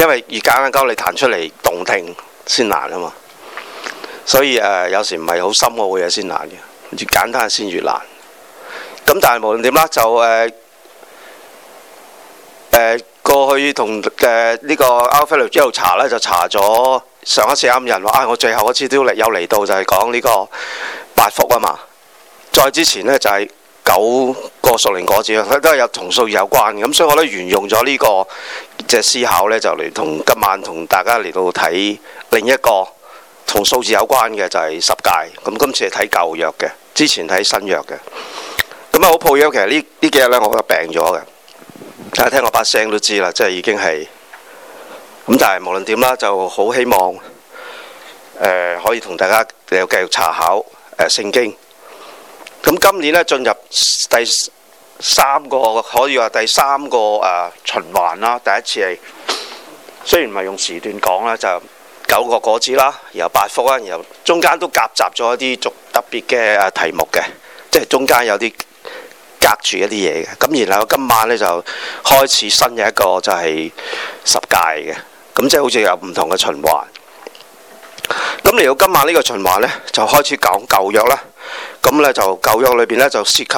因為越簡單交你彈出嚟動聽先難啊嘛，所以誒、呃、有時唔係好深奧嘅嘢先難嘅，越簡單先越難。咁但係無論點啦，就誒誒、呃呃、過去同誒呢個 Alpha 一路查咧，就查咗上一次啱五人話啊、哎，我最後一次都嚟有嚟到就係、是、講呢個八福啊嘛。再之前呢，就係、是、九個數年嗰次，都係有同數有關嘅。咁所以我都沿用咗呢、這個。即係思考呢，就嚟同今晚同大家嚟到睇另一個同數字有關嘅，就係十誡。咁今次係睇舊約嘅，之前睇新約嘅。咁啊，好抱歉，其實呢呢幾日呢，我病咗嘅。大家聽我把聲都知啦，即係已經係咁。咁但係無論點啦，就好希望、呃、可以同大家又繼續查考誒、呃、聖經。咁今年呢，進入第。三個可以話第三個誒、呃、循環啦。第一次係雖然唔係用時段講啦，就九個果子啦，然後八福啦，然後中間都夾雜咗一啲特別嘅題目嘅，即係中間有啲隔住一啲嘢嘅。咁然後今晚咧就開始新嘅一個就係十誡嘅，咁即係好似有唔同嘅循環。咁嚟到今晚呢個循環咧，就開始講舊約啦。咁咧就舊約裏邊咧就涉及。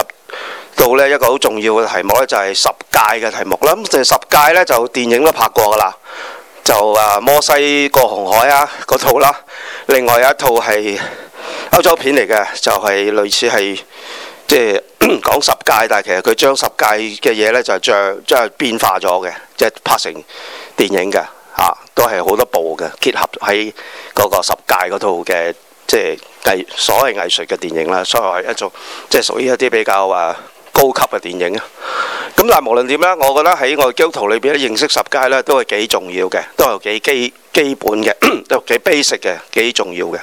到咧一個好重要嘅題目咧，就係、是、十誡嘅題目啦。咁成十誡咧，就電影都拍過噶啦。就啊，摩西過紅海啊，嗰套啦。另外有一套係歐洲片嚟嘅，就係、是、類似係即係講十誡，但係其實佢將十誡嘅嘢咧就係將將係變化咗嘅，即、就、係、是、拍成電影嘅嚇、啊，都係好多部嘅結合喺嗰個十誡嗰套嘅，即係藝所謂藝術嘅電影啦。所以係一種即係屬於一啲比較啊～高級嘅電影啊！咁但係無論點呢，我覺得喺我哋基督徒裏邊認識十誡呢，都係幾 重要嘅，都係幾基基本嘅，都幾 basic 嘅，幾重要嘅。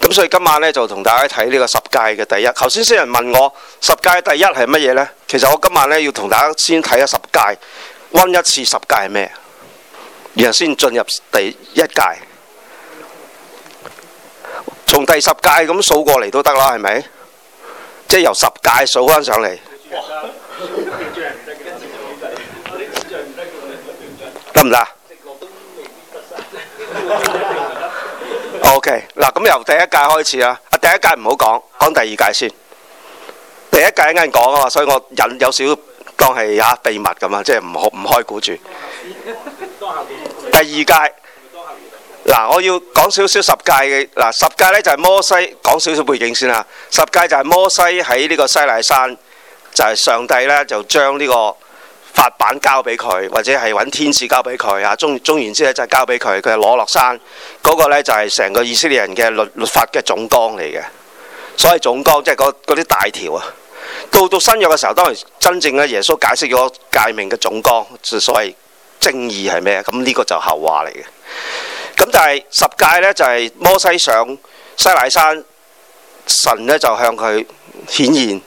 咁所以今晚呢，就同大家睇呢個十誡嘅第一。頭先先人問我十誡第一係乜嘢呢？其實我今晚呢，要同大家先睇下十誡溫一次十誡係咩，然後先進入第一誡，從第十誡咁數過嚟都得啦，係咪？即係由十誡數翻上嚟。得唔得？O K 嗱，咁由第一誡開始啦。啊，第一誡唔好講，講第二誡先。第一誡一陣講啊嘛，所以我忍有少少當係啊秘密咁啊，即係唔好唔開估住。第二誡嗱，我要講少少十誡嘅。嗱，十誡呢就係摩西講少少背景先啦。十誡就係摩西喺呢個西奈山。就係上帝咧，就將呢個法版交俾佢，或者係揾天使交俾佢啊。中中完之後就交俾佢，佢攞落山嗰個咧就係、是、成個以色列人嘅律律法嘅總綱嚟嘅。所謂總綱即係嗰啲大條啊。到到新約嘅時候，當然真正嘅耶穌解釋咗誡命嘅總綱，即、就是、所謂正義係咩？咁、這、呢個就後話嚟嘅。咁但係十誡咧就係、是、摩西上西奈山，神咧就向佢顯現。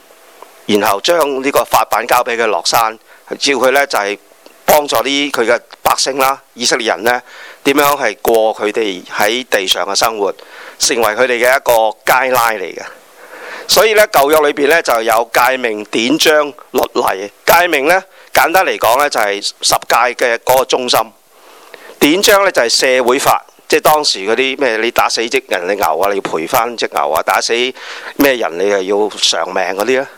然後將呢個法版交俾佢落山，叫佢呢就係、是、幫助啲佢嘅百姓啦。以色列人呢點樣係過佢哋喺地上嘅生活，成為佢哋嘅一個街拉嚟嘅。所以呢，舊約裏邊呢就有誡命典章律例。誡命呢簡單嚟講呢，就係、是、十誡嘅嗰個中心。典章呢就係、是、社會法，即係當時嗰啲咩你打死隻人哋牛啊，你要賠翻隻牛啊，打死咩人你又要償命嗰啲啊。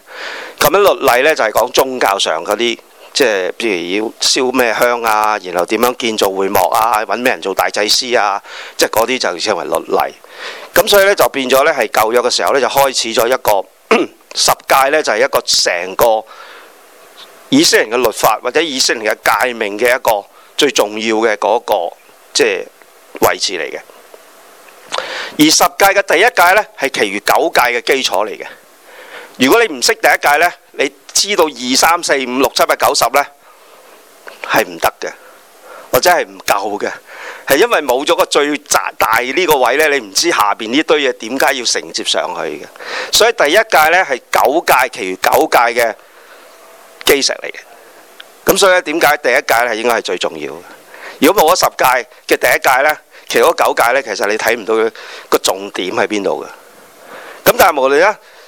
咁樣律例咧就係講宗教上嗰啲，即係譬如要燒咩香啊，然後點樣建造會幕啊，搵咩人做大祭司啊，即係嗰啲就稱為律例。咁所以咧就變咗咧係舊約嘅時候咧就開始咗一個十誡咧就係一個成個以色列人嘅律法或者以色列人嘅誡命嘅一個最重要嘅嗰、那個即係、就是、位置嚟嘅。而十誡嘅第一誡咧係其餘九誡嘅基礎嚟嘅。如果你唔識第一誡咧，你知道二三四五六七八九十咧，係唔得嘅，或者係唔夠嘅，係因為冇咗個最窄大呢個位咧，你唔知下邊呢堆嘢點解要承接上去嘅。所以第一誡咧係九誡，其餘九誡嘅基石嚟嘅。咁所以咧，點解第一誡係應該係最重要？如果冇咗十誡嘅第一誡咧，其實嗰九誡咧，其實你睇唔到佢個重點喺邊度嘅。咁但係無論咧。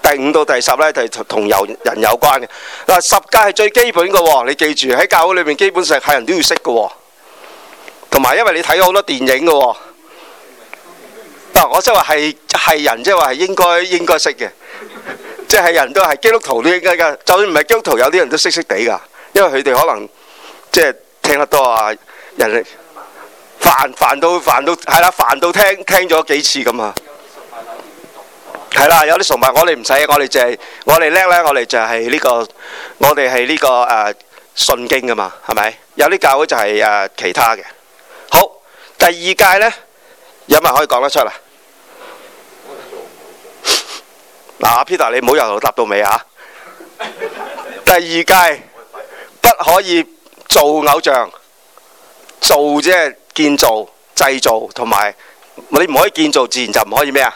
第五到第十咧就同有人有關，嘅嗱，十誡係最基本嘅喎，你記住喺教會裏面基本上係人都要識嘅，同埋因為你睇好多電影嘅喎，嗱我即係話係係人即係話係應該應該識嘅，即係係人都係基督徒都應該嘅，就算唔係基督徒有啲人都識識地㗎，因為佢哋可能即係聽得多啊，人哋煩煩到煩到係啦，煩到聽聽咗幾次咁啊！係啦，有啲崇拜我哋唔使，我哋淨係我哋叻咧，我哋就係呢、這個，我哋係呢個誒、呃、信經噶嘛，係咪？有啲教會就係、是、誒、呃、其他嘅。好，第二誡咧有乜可以講得出啊？嗱 ，Peter，你唔好由頭答到尾啊。 第二誡不可以做偶像，做即係建造、製造同埋你唔可以建造，自然就唔可以咩啊？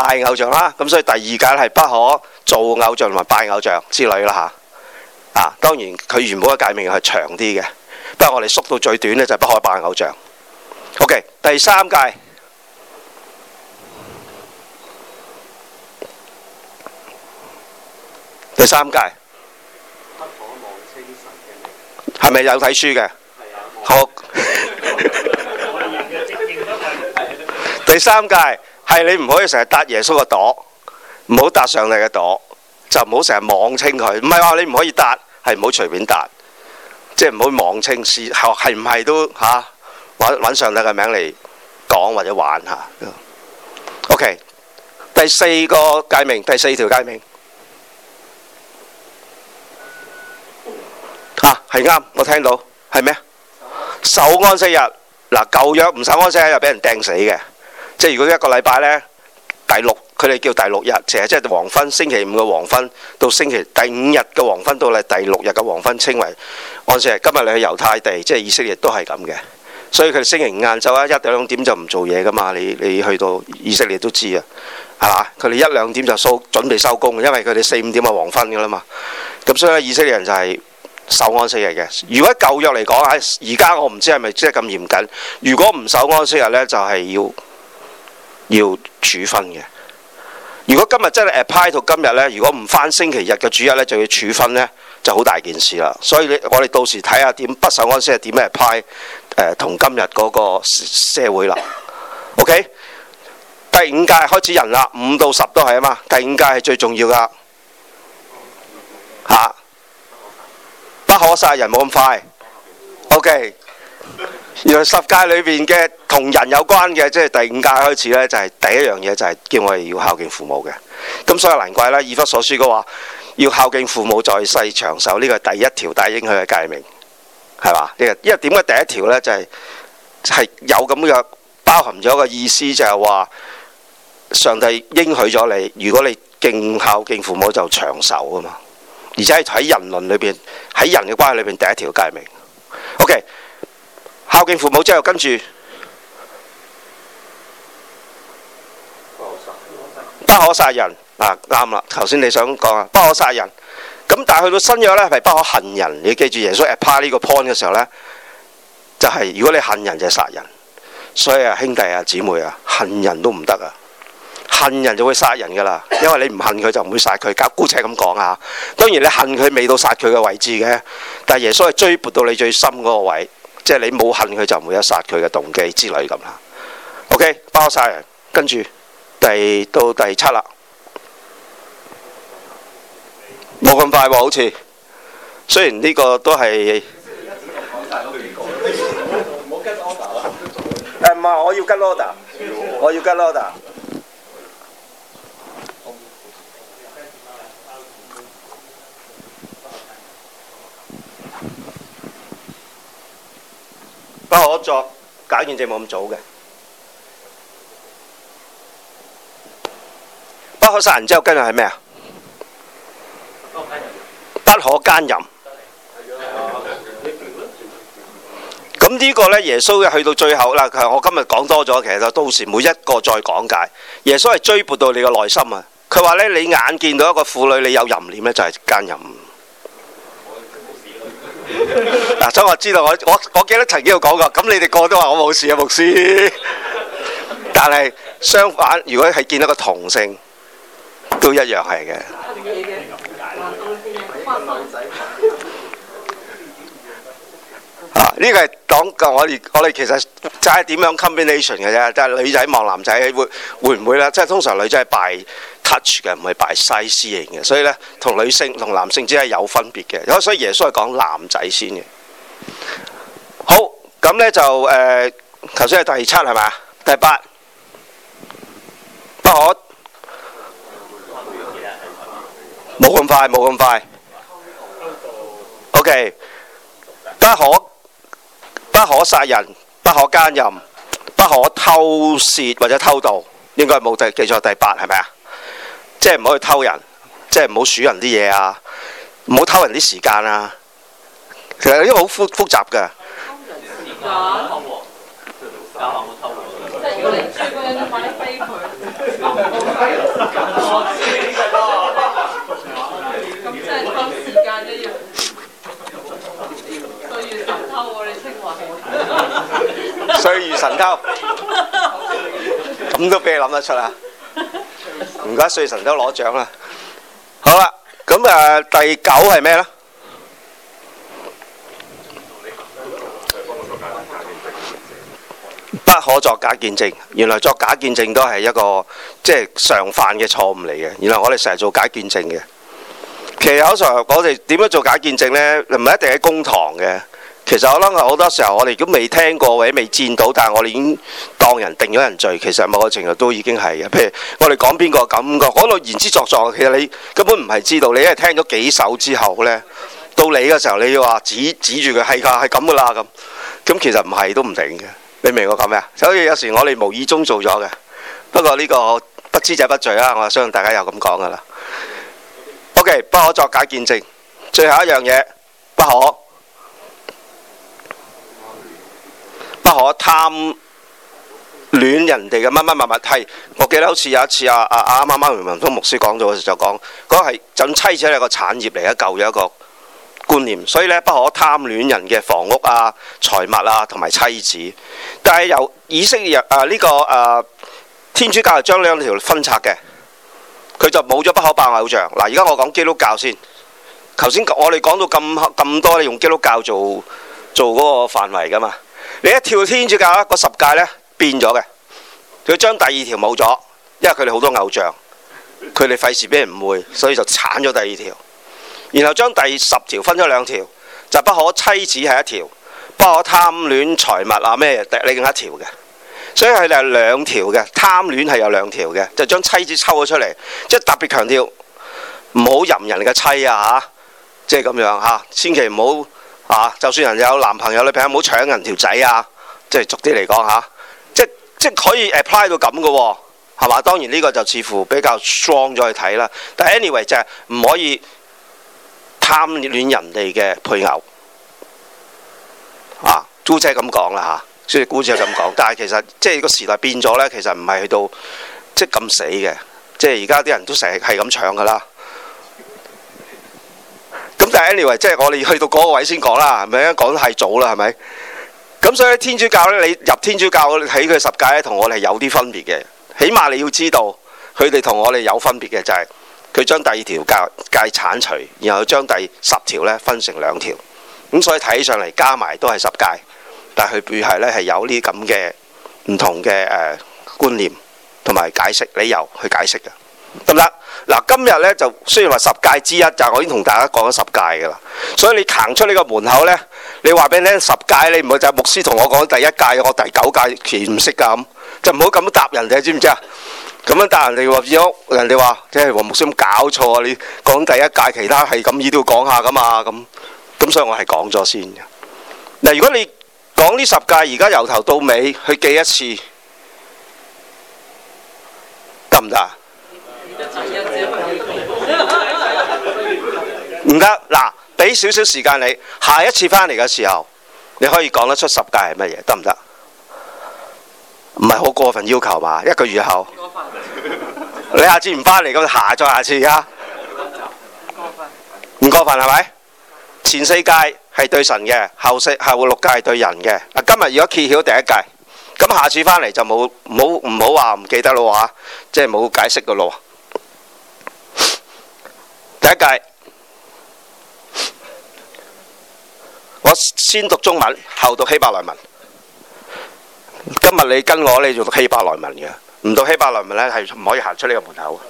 拜偶像啦，咁所以第二誡係不可做偶像同埋拜偶像之類啦吓。啊，當然佢原本嘅誡命係長啲嘅，不過我哋縮到最短咧就係不可以拜偶像。O K，第三誡，第三誡，係咪有睇書嘅？好，第三誡。係你唔可以成日搭耶穌嘅朵，唔好搭上帝嘅朵，就唔好成日妄稱佢。唔係話你唔可以搭，係唔好隨便搭，即係唔好妄稱是係，係唔係都吓，揾，揾上帝嘅名嚟，講或者玩吓。O K，第四個誡命，第四條誡命，吓係啱，我聽到係咩？守安息日嗱，舊約唔守安息日，又俾人掟死嘅。即係如果一個禮拜呢，第六佢哋叫第六日，成日即係到黃昏，星期五嘅黃昏到星期第五日嘅黃昏到咧第六日嘅黃昏，稱為安息日。今日你去猶太地，即係以色列都係咁嘅，所以佢哋星期五晏晝啊，一兩點就唔做嘢噶嘛。你你去到以色列都知啊，係嘛？佢哋一兩點就收準備收工，因為佢哋四五點係黃昏噶啦嘛。咁所以呢以色列人就係守安息日嘅。如果舊約嚟講，而家我唔知係咪即係咁嚴謹。如果唔守安息日呢，就係、是、要。要處分嘅。如果今日真係 apply 到今日呢，如果唔返星期日嘅主日呢，就要處分呢，就好大件事啦。所以你我哋到時睇下點不守安息日點嚟 apply 同今日嗰個社會啦。OK，第五誡開始人啦，五到十都係啊嘛。第五誡係最重要噶嚇、啊，不可殺人冇咁快。OK。原來十誡裏邊嘅，同人有關嘅，即係第五誡開始呢，就係、是、第一樣嘢就係叫我哋要孝敬父母嘅。咁所以難怪咧，以弗所書嘅話要孝敬父母在世長壽呢、呢個係第一條帶的明，大應許嘅誡命，係嘛？呢個因為點解第一條呢，就係、是、係有咁嘅包含咗個意思就是說，就係話上帝應許咗你，如果你敬孝敬父母就長壽啊嘛。而且喺人倫裏邊，喺人嘅關係裏邊，第一條誡命。O K。孝敬父母之後，跟住不可殺人啊，啱啦！頭先你想講不可殺人，咁、啊、但係去到新約呢，係不可恨人。你要記住耶穌喺拍呢個 point 嘅時候呢，就係、係、如果你恨人就係、殺人，所以啊兄弟啊姊妹啊，恨人都唔得啊，恨人就會殺人噶啦。因為你唔恨佢就唔會殺佢，咁姑且咁講啊。當然你恨佢未到殺佢嘅位置嘅，但耶穌係追撥到你最深嗰個位。即係你冇恨佢就唔會有殺佢嘅動機之類咁啦。OK，包晒人，跟住第到第七啦，冇咁快喎，好似雖然呢個都係唔係，我要跟老豆我要跟老豆不可作，搞件事冇咁早嘅。不可殺人之後跟住係咩啊？不可奸淫。咁呢個咧，耶穌咧去到最後啦，我今日講多咗，其實到時每一個再講解。耶穌係追撥到你個內心啊！佢話咧，你眼見到一個婦女，你有淫念咧，就係奸淫。嗱、啊，所以我知道我我我記得曾經有講過咁，那你哋個都話我冇事啊，牧師。但係相反，如果係見到個同性都一樣係嘅。啊，呢、這個係講我哋我哋其實就係點樣 combination 嘅啫，就係、是、女仔望男仔會會唔會咧？即、就、係、是、通常女仔係拜 touch 嘅，唔係拜 sight 型嘅，所以咧同女性同男性只係有分別嘅。所所以耶穌係講男仔先嘅。好，咁呢就誒，頭先係第七係咪啊？第八，不可冇咁快，冇咁快。OK，不可不可殺人，不可奸淫，不可偷竊或者偷盜，應該冇第記錯第八係咪啊？即係唔好去偷人，即係唔好鼠人啲嘢啊，唔好偷人啲時間啊。其實因為好複複雜㗎。偷人時間偷喎，教下我偷喎，即係如果你中意嗰樣，你買啲飛鏢，偷人時間，咁真係偷時間一樣。歲月神偷喎，你清華好睇。歲月神偷，咁都俾你諗得出啊！唔該，歲月神偷攞獎啦。好啦，咁誒第九係咩咧？不可作假見證。原來作假見證都係一個即係常犯嘅錯誤嚟嘅。原來我哋成日做假見證嘅。其實有時候我哋點樣做假見證呢？唔係一定喺公堂嘅。其實我諗好多時候，我哋都未聽過或者未見到，但係我哋已經當人定咗人罪。其實某個程度都已經係嘅。譬如我哋講邊個咁個，講到言之鑿鑿，其實你根本唔係知道。你因為聽咗幾手之後呢，到你嘅時候你要話指指住佢係㗎，係咁㗎啦咁。咁其實唔係都唔定嘅。你明我講咩啊？所以有時我哋無意中做咗嘅，不過呢個不知者不罪啦、啊，我相信大家有咁講噶啦。OK，不可作假見證。最後一樣嘢，不可不可貪戀人哋嘅乜乜物物。係我記得好似有一次阿阿阿啱啱文文牧師講咗，嘅時就講嗰係整妻子係個產業嚟嘅，舊有一個觀念，所以咧不可貪戀人嘅房屋啊、財物啊同埋妻子。但係由以色列啊呢、這個誒、啊、天主教係將兩條分拆嘅，佢就冇咗不可拜偶像。嗱，而家我講基督教先。頭先我哋講到咁咁多，你用基督教做做嗰個範圍㗎嘛。你一跳天主教嗰十誡咧變咗嘅，佢將第二條冇咗，因為佢哋好多偶像，佢哋費事俾人誤會，所以就剷咗第二條。然後將第十條分咗兩條，就是、不可妻子係一條，不可貪戀財物啊咩？另一條嘅，所以係兩條嘅貪戀係有兩條嘅，就將妻子抽咗出嚟，即、就是、特別強調唔好淫人嘅妻啊嚇，即、啊、咁、就是、樣嚇、啊，千祈唔好啊！就算人有男朋友女朋友，唔好搶人條仔啊，啊、就是、啊！即係俗啲嚟講嚇，即可以 apply 到咁嘅喎，係嘛？當然呢個就似乎比較 strong 咗去睇啦，但 anyway 就係唔可以。貪戀人哋嘅配偶啊，姑姐咁講啦嚇，即係姑姐咁講。但係其實即係個時代變咗咧，其實唔係去到即係咁死嘅。即係而家啲人都成日係咁搶噶啦。咁但係 anyway，即係我哋去到嗰個位先講啦，係咪？講得太早啦，係咪？咁所以天主教咧，你入天主教你睇佢十戒咧，同我哋有啲分別嘅。起碼你要知道，佢哋同我哋有分別嘅就係、是。佢將第二條誡誡剷除，然後將第十條咧分成兩條，咁所以睇上嚟加埋都係十誡，但係佢背係咧係有呢咁嘅唔同嘅誒觀念同埋解釋理由去解釋嘅，得唔得？嗱，今日咧就雖然話十誡之一，但係我已經同大家講咗十誡㗎啦，所以你行出呢個門口咧，你話俾你聽十誡，你唔會就係牧師同我講第一誡，我第九誡全唔識㗎咁，就唔好咁答人哋，知唔知啊？咁樣但係你哋話：如果人哋話即係黃木生咁搞錯，你講第一誡，其他係咁，依都要講下噶嘛？咁咁，所以我係講咗先。嗱，如果你講呢十誡，而家由頭到尾去記一次，得唔得？唔得。嗱，俾少少時間你，下一次翻嚟嘅時候，你可以講得出十誡係乜嘢？得唔得？唔係好過分要求嘛？一個月後，不過 你下次唔返嚟咁，下次再下次啊？唔過分，唔過分係咪？前四誡係對神嘅，後四後六誡係對人嘅。嗱，今日如果揭曉第一誡，咁下次返嚟就冇冇唔好話唔記得咯吓，即係冇解釋噶咯。第一誡，我先讀中文，後讀希伯來文。今日你跟我，你就讀希伯來文嘅，唔到希伯來文呢，係唔可以行出呢個門口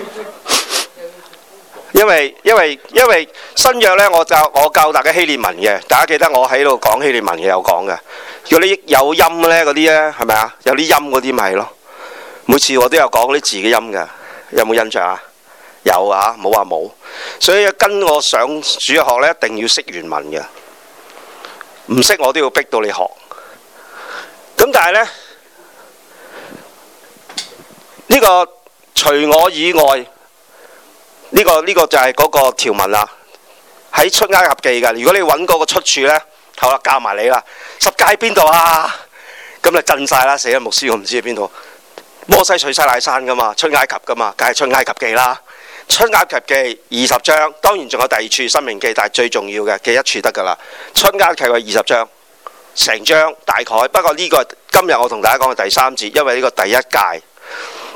因。因為因為因為新約呢，我教我教大家希列文嘅，大家記得我喺度講希列文嘅有講嘅，如果你有音呢嗰啲呢，係咪啊？有啲音嗰啲咪咯。每次我都有講啲字嘅音嘅，有冇印象啊？有啊，冇話冇。所以跟我上主學呢，一定要識原文嘅，唔識我都要逼到你學。咁但係呢，呢、呢個除我以外，呢、呢個呢、呢個就係嗰個條文啦、啊。喺出埃及記㗎，如果你揾嗰個出處呢，好啦、啊，教埋你啦。十戒喺邊度啊？咁就震晒啦，死啊牧師！我唔知喺邊度。摩西去西奈山㗎嘛，出埃及㗎嘛，梗係出埃及記啦。出埃及記二十章，當然仲有第二處申命記，但係最重要嘅記一處得㗎啦。出埃及記二十章。成章大概，不過呢個今日我同大家講嘅第三節，因為呢個第一誡，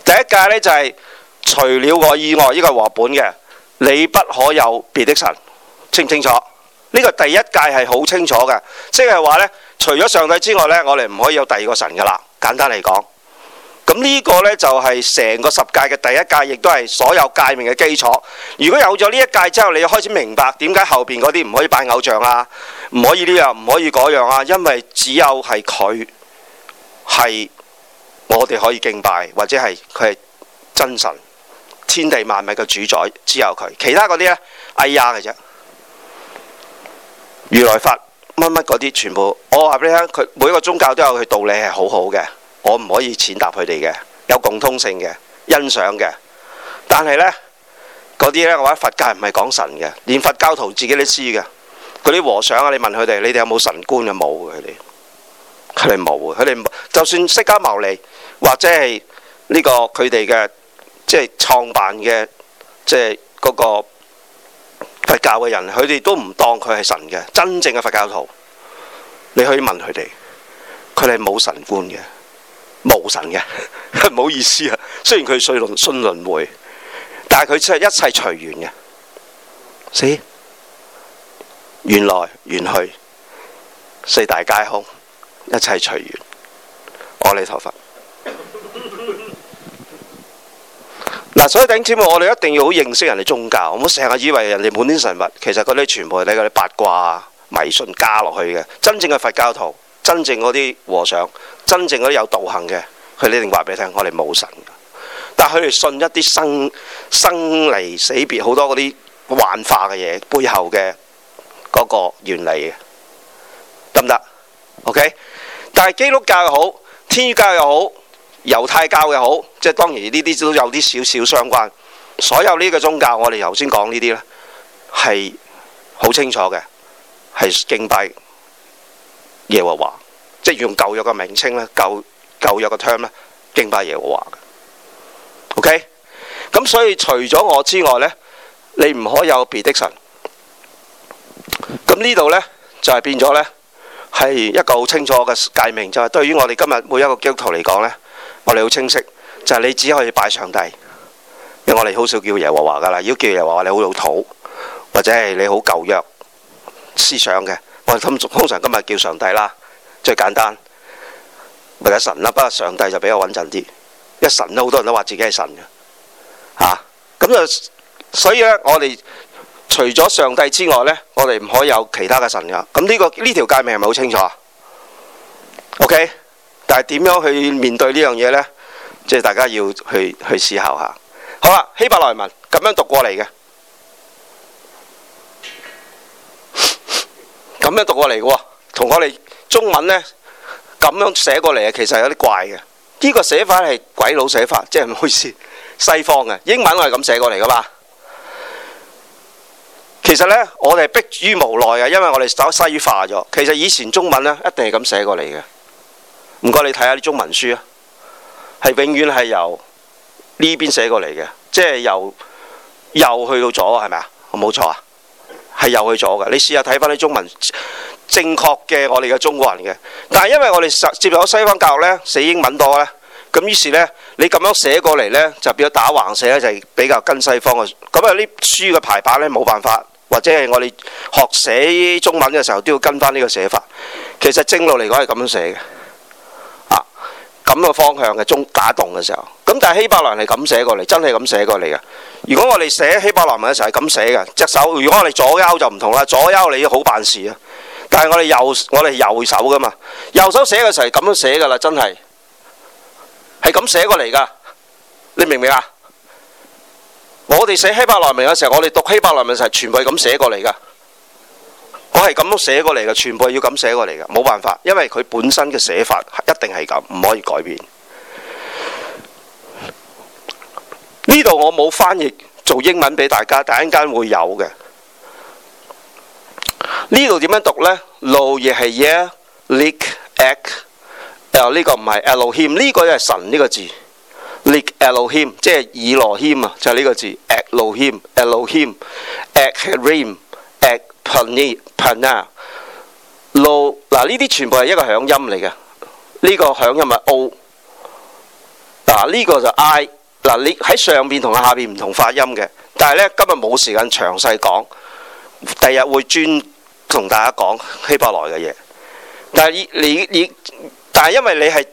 第一誡呢、就是，就係除了我以外，呢、這個話本嘅，你不可有別的神，清唔清楚？呢、這個第一誡係好清楚嘅，即係話呢，除咗上帝之外呢，我哋唔可以有第二個神噶啦。簡單嚟講。咁呢個呢，就係成個十誡嘅第一誡，亦都係所有誡命嘅基礎。如果有咗呢一誡之後，你就開始明白點解後邊嗰啲唔可以拜偶像啊，唔可以呢樣，唔可以嗰樣啊，因為只有係佢係我哋可以敬拜，或者係佢係真神，天地萬物嘅主宰，只有佢。其他嗰啲呢，哎呀嘅啫。如來佛乜乜嗰啲，全部我話俾你聽，佢每一個宗教都有佢道理係好好嘅。我唔可以踐踏佢哋嘅有共通性嘅欣賞嘅，但係呢，嗰啲咧嘅話，佛教唔係講神嘅，連佛教徒自己都知嘅。嗰啲和尚啊，你問佢哋，你哋有冇神觀啊？冇，佢哋佢哋冇。佢哋就算釋迦牟尼或者係呢個佢哋嘅即係創辦嘅即係嗰個佛教嘅人，佢哋都唔當佢係神嘅真正嘅佛教徒。你可以問佢哋，佢哋冇神觀嘅。無神嘅，唔好意思啊。雖然佢信輪信輪回，但係佢真係一切隨緣嘅。死緣來緣去，四大皆空，一切隨緣。阿彌陀佛。嗱、 啊，所以頂尖，我哋一定要好認識人哋宗教。我唔好成日以為人哋滿天神物，其實嗰啲全部係你嗰啲八卦迷信加落去嘅。真正嘅佛教徒。真正嗰啲和尚，真正嗰啲有道行嘅，佢哋一定話俾你聽，我哋冇神嘅。但係佢哋信一啲生生離死別好多嗰啲幻化嘅嘢，背後嘅嗰個原理嘅，得唔得？OK？但係基督教又好，天主教又好，猶太教又好，即係當然呢啲都有啲少少相關。所有呢個宗教，我哋頭先講呢啲咧，係好清楚嘅，係敬拜。耶和華，即係用舊約嘅名稱咧，舊舊約嘅 term 咧，敬拜耶和華 OK，咁所以除咗我之外呢你唔可以有別的神。咁呢度呢，就係變咗呢，係一個好清楚嘅界名，就係對於我哋今日每一個基督徒嚟講呢我哋好清晰，就係你只可以拜上帝。因為我哋好少叫耶和華噶啦，如果叫耶和華你好老土，或者係你好舊約思想嘅。我諗通常今日叫上帝啦，最簡單，或者神啦。不過上帝就比較穩陣啲，一神都好多人都話自己係神嘅嚇。咁就，所以咧，我哋除咗上帝之外咧，我哋唔可以有其他嘅神嘅。咁呢個呢條界線係咪好清楚？OK，但係點樣去面對呢樣嘢咧？即係大家要去去思考下。好啦，《希伯來文》咁樣讀過嚟嘅。咁樣讀過嚟嘅喎，同我哋中文呢，咁樣寫過嚟啊，其實有啲怪嘅。呢個寫法係鬼佬寫法，即係唔好意思，西方嘅英文我係咁寫過嚟㗎嘛。其實呢，我哋逼於無奈嘅，因為我哋走西化咗。其實以前中文呢，一定係咁寫過嚟嘅。唔該，你睇下啲中文書啊，係永遠係由呢邊寫過嚟嘅，即係由右去到左，係咪啊？冇錯啊！係又去做嘅，你試下睇翻啲中文正確嘅我哋嘅中國人嘅，但係因為我哋實接受咗西方教育咧，寫英文多咧，咁於是咧你咁樣寫過嚟咧就變咗打橫寫咧，就係比較跟西方嘅。咁啊啲書嘅排版咧冇辦法，或者係我哋學寫中文嘅時候都要跟翻呢個寫法。其實正路嚟講係咁樣寫嘅，啊咁嘅方向嘅中打戙嘅時候，咁但係希伯來係咁寫過嚟，真係咁寫過嚟嘅。如果我哋寫希伯來文嘅時候係咁寫嘅，隻手；如果我哋左右就唔同啦，左右你要好辦事啊。但係我哋右，我哋右手噶嘛，右手寫嘅時候係咁樣寫噶啦，真係係咁寫過嚟噶，你明唔明啊？我哋寫希伯來文嘅時候，我哋讀希伯來文嘅時候係全部係咁寫過嚟噶，我係咁樣寫過嚟㗎，全部係要咁寫過嚟㗎。冇辦法，因為佢本身嘅寫法一定係咁，唔可以改變。呢度我冇翻譯做英文俾大家，但陣間會有嘅。這怎麼讀，呢度點樣讀咧？路亦係耶，lik ek，l 呢個唔係 Elohim 呢個係神呢個字，lik Elohim 即係以羅謙啊，就係、是、呢個字 e l 路謙，Elohim，ek rim，ek pena，路嗱呢啲全部係一個響音嚟嘅，呢、這個響音咪 o，嗱呢個就 i。嗱，你喺上邊同下面唔同發音嘅，但係呢，今日冇時間詳細講，第日會專同大家講希伯來嘅嘢。但係你你但係因為你係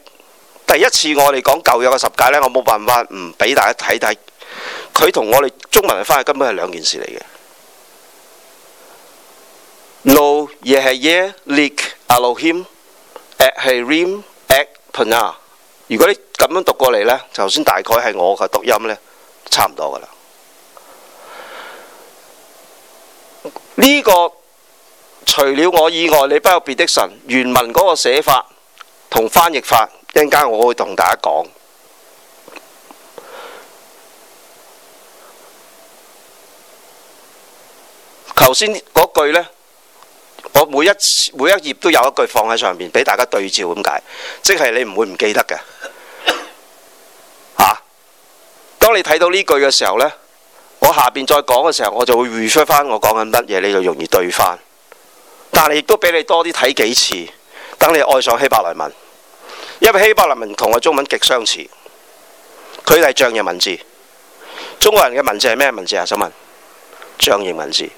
第一次我哋講舊約嘅十誡呢，我冇辦法唔俾大家睇睇。佢同我哋中文嚟翻係根本係兩件事嚟嘅。No 耶係耶列阿路 him at he rim at 如果你咁樣讀過嚟呢，頭先大概係我嘅讀音呢，差唔多噶啦。呢個除了我以外，你不可有別的神，原文嗰個寫法同翻譯法，一陣間我會同大家講。頭先嗰句呢。我每一每一頁都有一句放喺上面俾大家對照咁解，即係你唔會唔記得嘅，吓、啊。當你睇到呢句嘅時候呢，我下邊再講嘅時候，我就會 refer 翻我講緊乜嘢，你就容易對翻。但係亦都俾你多啲睇幾次，等你愛上希伯來文，因為希伯來文同我中文極相似，佢哋係象形文字。中國人嘅文字係咩文字啊？想問，象形文字。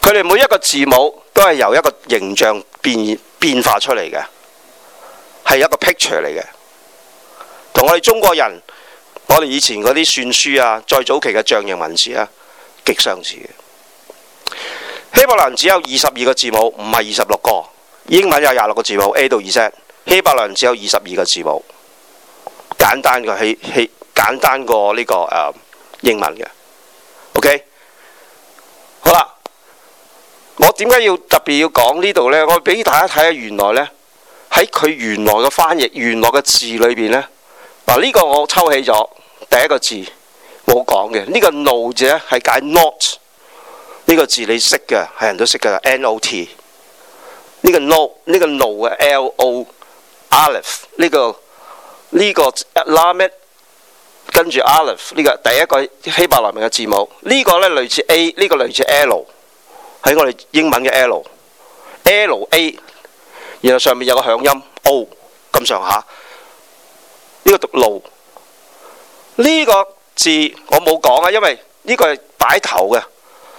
佢哋每一個字母都係由一個形象變變化出嚟嘅，係一個 picture 嚟嘅，同我哋中國人，我哋以前嗰啲篆書啊，再早期嘅象形文字啊，極相似嘅。希伯來只有二十二個字母，唔係二十六個。英文有廿六個字母 A 到 Z，希伯來只有二十二個字母，簡單個希、希簡單過呢、這個誒、呃、英文嘅。OK，好啦。我點解要特別要講呢度呢？我俾大家睇下，原來呢，喺佢原來嘅翻譯、原來嘅字裏邊呢。嗱、這、呢個我抽起咗第一個字冇講嘅，呢、這個 no 字咧係解 not 呢個字你識嘅，係人都識嘅，not 呢個 no 呢個 no 嘅 l o Aleph 呢、這個呢、這個 Lamed 跟住 Aleph 呢個第一個希伯來文嘅字母，呢、這個呢，類似 a，呢個類似 l。喺我哋英文嘅 L，L A，然後上面有個響音 O，咁上下。呢個讀路。呢個字我冇講啊，因為呢個係擺頭嘅，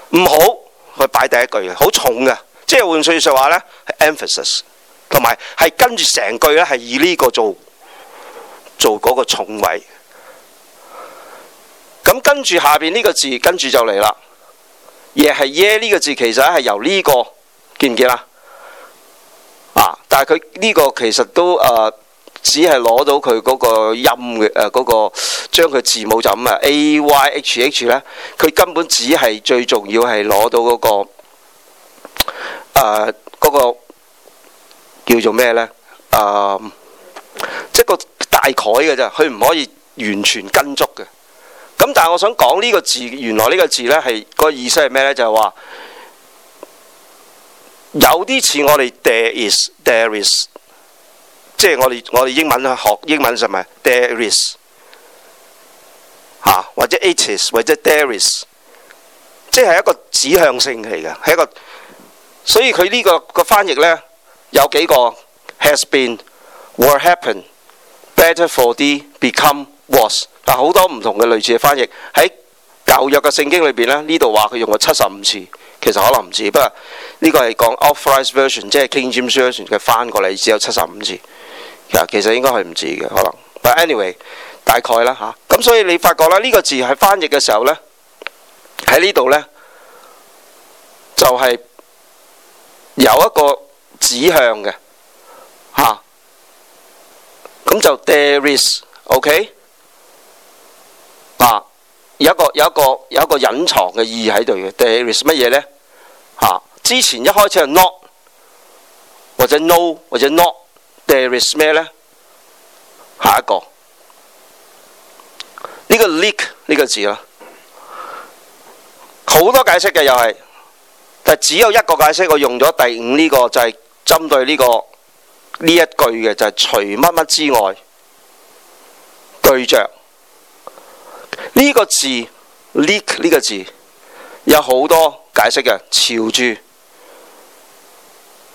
唔好去擺第一句嘅，好重嘅。即係換句説話呢，係 emphasis，同埋係跟住成句呢，係以呢個做做嗰個重位。咁跟住下邊呢個字，跟住就嚟啦。耶係耶呢個字其實係由呢、呢個，記唔記得啊？但係佢呢個其實都誒、呃，只係攞到佢個音嘅，誒、呃嗰個，將佢字母就咁啊，A Y H H 咧，佢根本只係最重要係攞到、嗰個、呃嗰個叫做咩咧啊？即、呃、係、即係、個大概嘅啫，佢唔可以完全跟足嘅。咁但係我想講呢個字，原來呢個字呢，係、個意思係咩呢？就係、是、話有啲似我哋 there is there is，即係我哋我哋英文咧學英文係、就、咪、是、there is？啊、或者 it is，或者 there is，即係一個指向性嚟嘅，係一個。所以佢呢、呢個個翻譯呢，有幾個 has been were happen better for the become。was，但好多唔同嘅類似嘅翻譯喺舊約嘅聖經裏邊咧，呢度話佢用過七十五次，其實可能唔止。不過呢個係講 Authorized Version，即係 King James Version 佢翻過嚟只有七十五次。啊，其實應該係唔止嘅，可能。But anyway，大概啦嚇。咁所以你發覺啦，呢個字喺翻譯嘅時候咧，喺呢度咧就係有一個指向嘅嚇。咁就 There is，OK。啊！有一個有一個有一個隱藏嘅意義喺度嘅，there is 乜嘢咧？啊！之前一開始係 not 或者 no 或者 not，there is 咩咧？下一個呢、呢個 lick 呢個字啦，好多解釋嘅又係，但係只有一個解釋，我用咗第五呢、呢個就係、係、針對呢、呢個呢一句嘅就係除乜乜之外對著。呢個字，leak 呢個字有好多解釋嘅，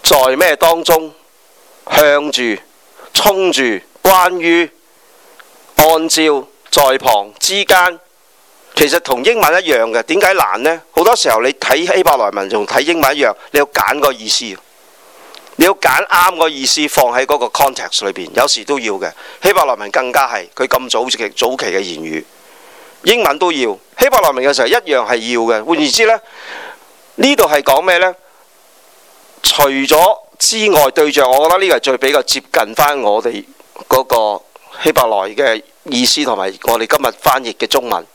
朝住，在咩當中，向住，衝住，關於，按照，在旁之間，其實同英文一樣嘅。點解難呢？好多時候你睇希伯來文，同睇英文一樣，你要揀個意思，你要揀啱個意思放喺嗰個 context 裏面。有時都要嘅。希伯來文更加係佢咁早期早期嘅言語。英文都要希伯來文嘅時候一樣係要嘅。換言之咧，這裡是說，呢度係講咩咧？除咗之外，對象，我覺得呢個係最比較接近返我哋嗰個希伯來嘅意思同埋我哋今日翻譯嘅中文。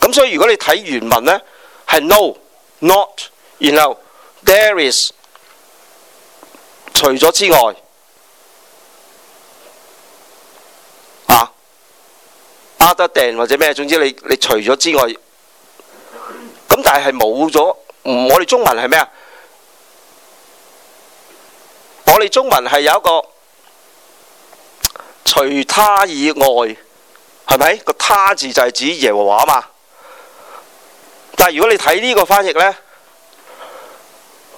咁所以如果你睇原文咧，係 no, not，然 you 後 know, there is，除咗之外。得訂或者咩？總之你你除咗之外，咁但係係冇咗。我哋中文係咩啊？我哋中文係有一個除他以外，係咪個他字就係指耶和華嘛？但係如果你睇呢個翻譯呢，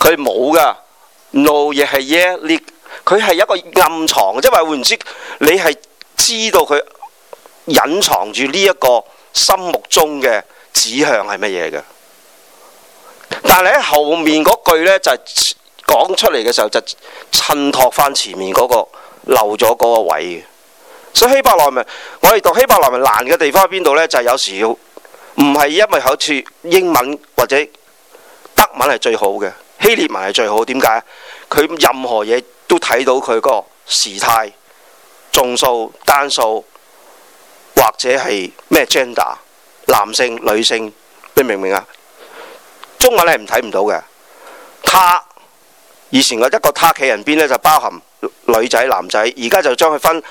佢冇噶，no 亦係耶，佢係一個暗藏，即係話換言之，你係知道佢。隱藏住呢一個心目中嘅指向係乜嘢嘅？但係喺後面嗰句呢，就係、是、講出嚟嘅時候就襯托翻前面嗰、那個漏咗嗰個位嘅。所以希伯來文，我哋讀希伯來文難嘅地方喺邊度呢？就係、是、有時要唔係因為好似英文或者德文係最好嘅，希臘文係最好嘅，點解？佢任何嘢都睇到佢個時態、眾數、單數？或者係咩 gender，男性、女性，你明唔明啊？中文你唔睇唔到嘅，他以前個一個他企人邊呢，就包含女仔、男仔，而家就將佢分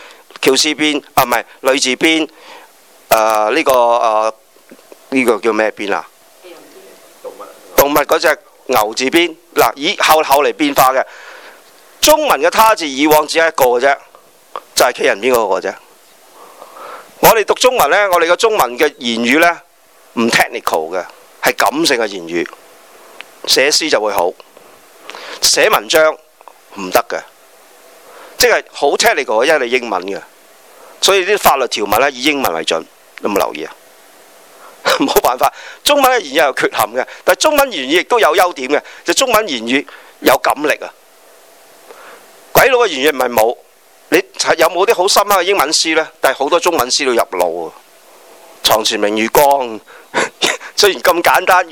喬氏邊啊，唔係女字邊，呢、呃呢個呢、呃呢個叫咩邊啊？動物嗰隻牛字邊，嗱以後後嚟變化嘅中文嘅他字，以往只係一個嘅啫，就係、是、企人邊嗰個啫。我哋讀中文呢，我哋嘅中文嘅言語呢，唔 technical 嘅，係感性嘅言語。寫詩就會好，寫文章唔得嘅，即係好 technical，因為你英文嘅。所以啲法律條文呢，以英文為準。有冇留意啊？冇辦法，中文嘅言語係缺陷嘅，但中文言語亦都有優點嘅，就中文言語有感力啊！鬼佬嘅言語唔係冇。你有冇啲好深刻嘅英文詩呢？但係好多中文詩都入腦喎。牀前明月光，雖然咁簡單，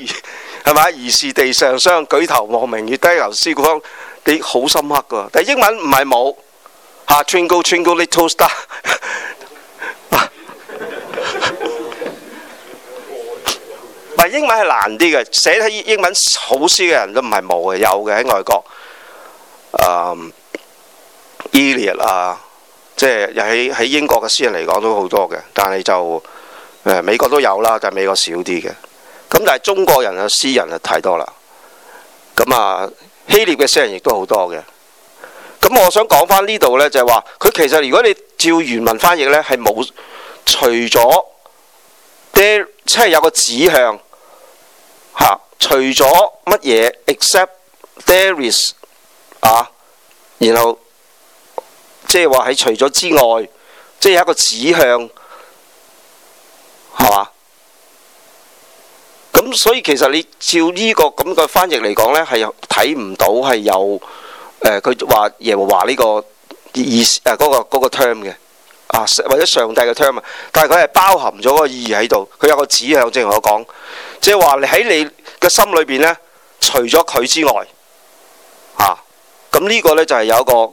而係咪？疑是地上霜，舉頭望明月，低頭思故鄉。你好深刻噶，但係英文唔係冇 Twinkle, Twinkle, Little Star。但係、啊、 英文係難啲嘅，寫起英文好詩嘅人都唔係冇嘅，有嘅喺外國。嗯、um。伊列啊，即係喺喺英國嘅詩人嚟講都好多嘅，但係就誒美國都有啦，但、就、係、是、美國少啲嘅。咁但係中國人嘅詩人就太多啦。咁啊，希臘嘅詩人亦都好多嘅。咁我想講返呢度呢，就係話佢其實如果你照原文翻譯呢，係冇除咗，即係有個指向嚇、啊，除咗乜嘢，except there is 啊，然後。即係話喺除咗之外，即係有一個指向，係嘛？咁所以其實你照呢個咁嘅翻譯嚟講呢，係睇唔到係有呃，佢話耶和華呢個意思誒，嗰個嗰個 term 嘅，啊，或者上帝嘅 term 啊，但係佢係包含咗個意義喺度，佢有個指向，正如我講，即係話你喺你嘅心裏邊呢，除咗佢之外，啊，咁呢個呢，就係有一個。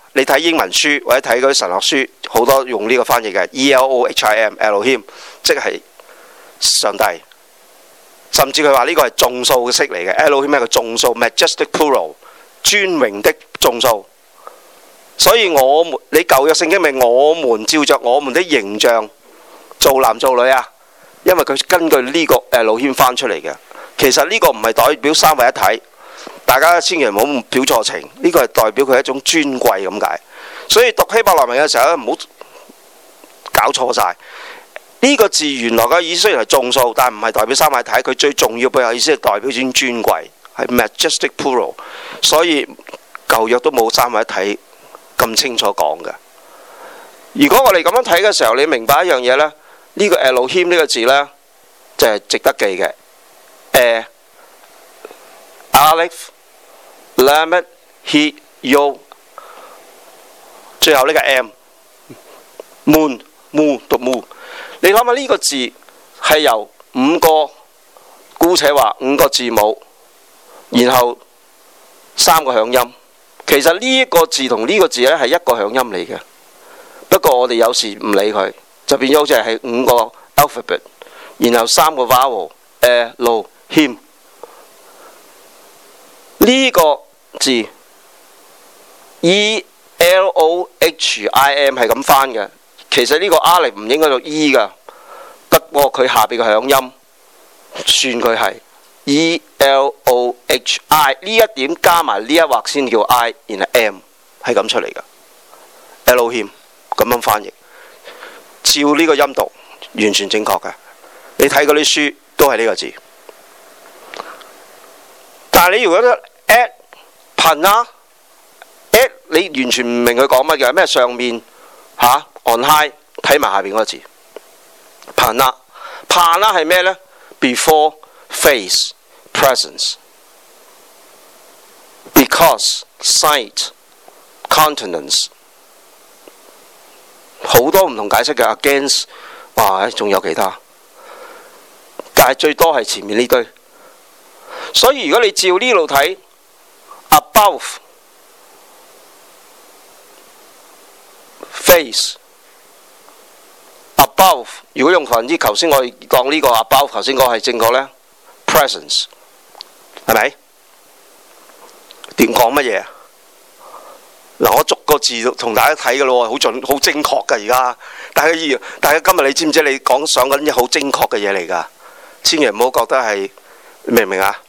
你睇英文書或者睇嗰啲神學書，好多用呢個翻譯嘅、e、，Elohim，即係上帝。甚至佢話呢個係眾數嘅式嚟嘅，Elohim 係個眾數，Majestic plural 尊榮的眾數。所以我們你舊約聖經咪我們照着我們的形象做男做女啊？因為佢根據呢個 Elohim 翻出嚟嘅，其實呢個唔係代表三位一體。大家千祈唔好表錯情，呢個係代表佢一種尊貴咁解。所以讀希伯來文嘅時候唔好搞錯晒。呢、呢個字原來嘅意思係眾數，但唔係代表三位體。佢最重要嘅意思係代表一種尊貴，係 majestic plural。所以舊約都冇三位體咁清楚講嘅。如果我哋咁樣睇嘅時候，你明白一樣嘢呢？呢、呢個 elohim 呢個字呢，就係、是、值得記嘅。誒、欸、Aleph 字母 He、Yod，最後呢個 M、M、M 同 M。你諗下呢個字係由五個姑且話五個字母，然後三個響音。其實呢一個字同呢個字咧係一個響音嚟嘅，不過我哋有時唔理佢，就變咗好似係五個 alphabet，然後三個 vowel，誒路謙呢個。知 E L O H I M 係咁翻嘅。其實呢個阿力唔應該讀 E 噶，不過佢下邊嘅響音算佢係 E L O H I 呢一點加埋呢一劃先叫 I，然後 M 係咁出嚟嘅 L 謄咁樣翻譯，照呢個音讀完全正確嘅。你睇嗰啲書都係呢個字，但係你如果得怕啦？Ana, at, 你完全唔明佢講乜嘅？咩上面吓、啊、on high，睇埋下面嗰個字。怕啦，怕啦係咩呢？Before face presence，because sight continence，好多唔同解釋嘅。Against，哇，仲有其他，但係最多係前面呢堆。所以如果你照呢度睇，above face above 如果用百分之，頭先我講、這個、呢個 above 頭先講係正確咧。presence 係咪？點講乜嘢？嗱，我逐個字同大家睇嘅咯，好準、好正確㗎。而家。大家而大家今日你知唔知？你講上緊啲好正確嘅嘢嚟㗎，千祈唔好覺得係明唔明啊？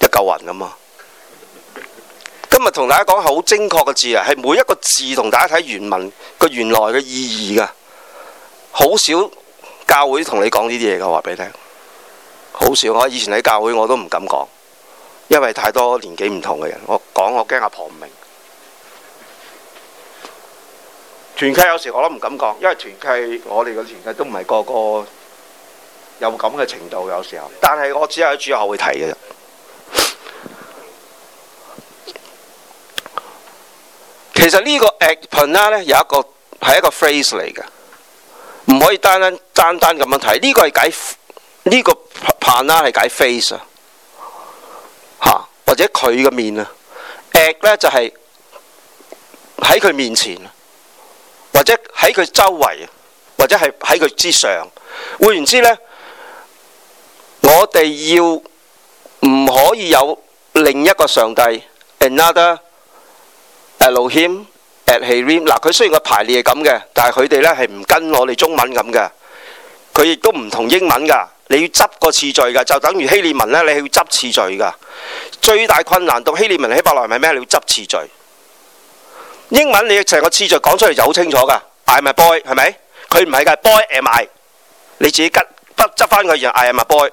一嚿雲咁嘛。今日同大家講好精確嘅字啊，係每一個字同大家睇原文個原來嘅意義噶，好少教會同你講呢啲嘢嘅，話俾你聽。好少，我以前喺教會我都唔敢講，因為太多年紀唔同嘅人，我講我驚阿婆唔明。團契有時我都唔敢講，因為團契我哋嘅團契都唔係個個有咁嘅程度，有時候。但係我只係喺主後會睇嘅。其實呢、這個 at pan 拉咧有一個係一個 phrase 嚟嘅，唔可以單單單單咁樣睇。呢、這個係解呢、這個 pan 拉係解 face 啊，嚇或者佢嘅面啊。at 咧就係喺佢面前，或者喺佢周圍，或者係喺佢之上。換言之呢，我哋要唔可以有另一個上帝 another。係嗱，佢雖然個排列係咁嘅，但係佢哋咧係唔跟我哋中文咁嘅，佢亦都唔同英文噶，你要執個次序嘅，就等於希利文咧，你要執次序噶。最大困難讀希利文，希伯來係咩？你要執次序。英文你成個次序講出嚟就好清楚噶，I'm a a boy 係咪？佢唔係噶，boy am I？你自己執執翻佢而家 I'm a boy，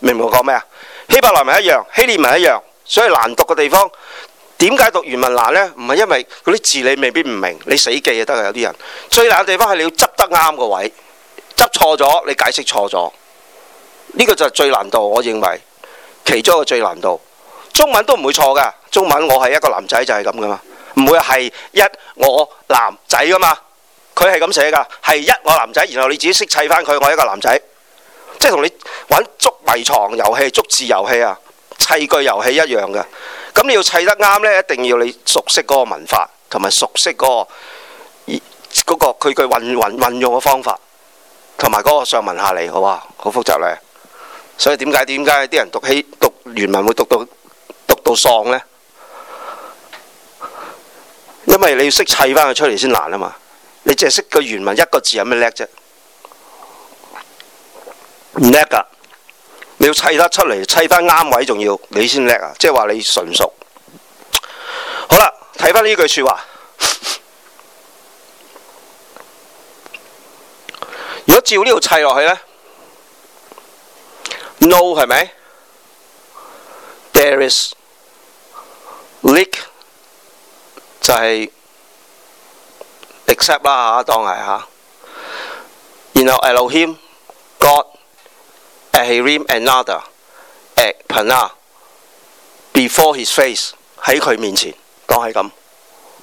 明唔明我講咩啊？希伯來文一樣，希利文一樣，所以難讀嘅地方。點解讀原文難呢？唔係因為嗰啲字你未必唔明，你死記就得噶。有啲人最難嘅地方係你要執得啱個位，執錯咗你解釋錯咗，呢、呢個就係最難度，我認為。其中一個最難度，中文都唔會錯噶。中文我係一個男仔就係咁噶嘛，唔會係一我男仔噶嘛。佢係咁寫噶係一我男仔，然後你自己識砌翻佢，我一個男仔，即係同你玩捉迷藏遊戲、捉字遊戲啊、砌句遊，遊戲一樣噶。咁你要砌得啱呢，一定要你熟悉嗰個文化，同埋熟悉嗰、嗰個嗰佢嘅運運用嘅方法，同埋嗰個上文下理好哇，好複雜呢。所以點解點解啲人讀起讀原文會讀到讀到喪呢？因為你要識砌翻佢出嚟先難啊嘛！你淨係識個原文一個字有咩叻啫？唔叻㗎！你要砌得出嚟，砌得啱位要，仲要你先叻啊！即係話你純熟。好啦，睇翻呢句說話。 如果照這砌下去呢度砌落去咧，no 係咪 There is leak 就係 except 啦、啊，當係吓、啊。然後 Elohim。Ehirim another 喺係另一個喺彭啊，before his face 喺佢面前講係咁，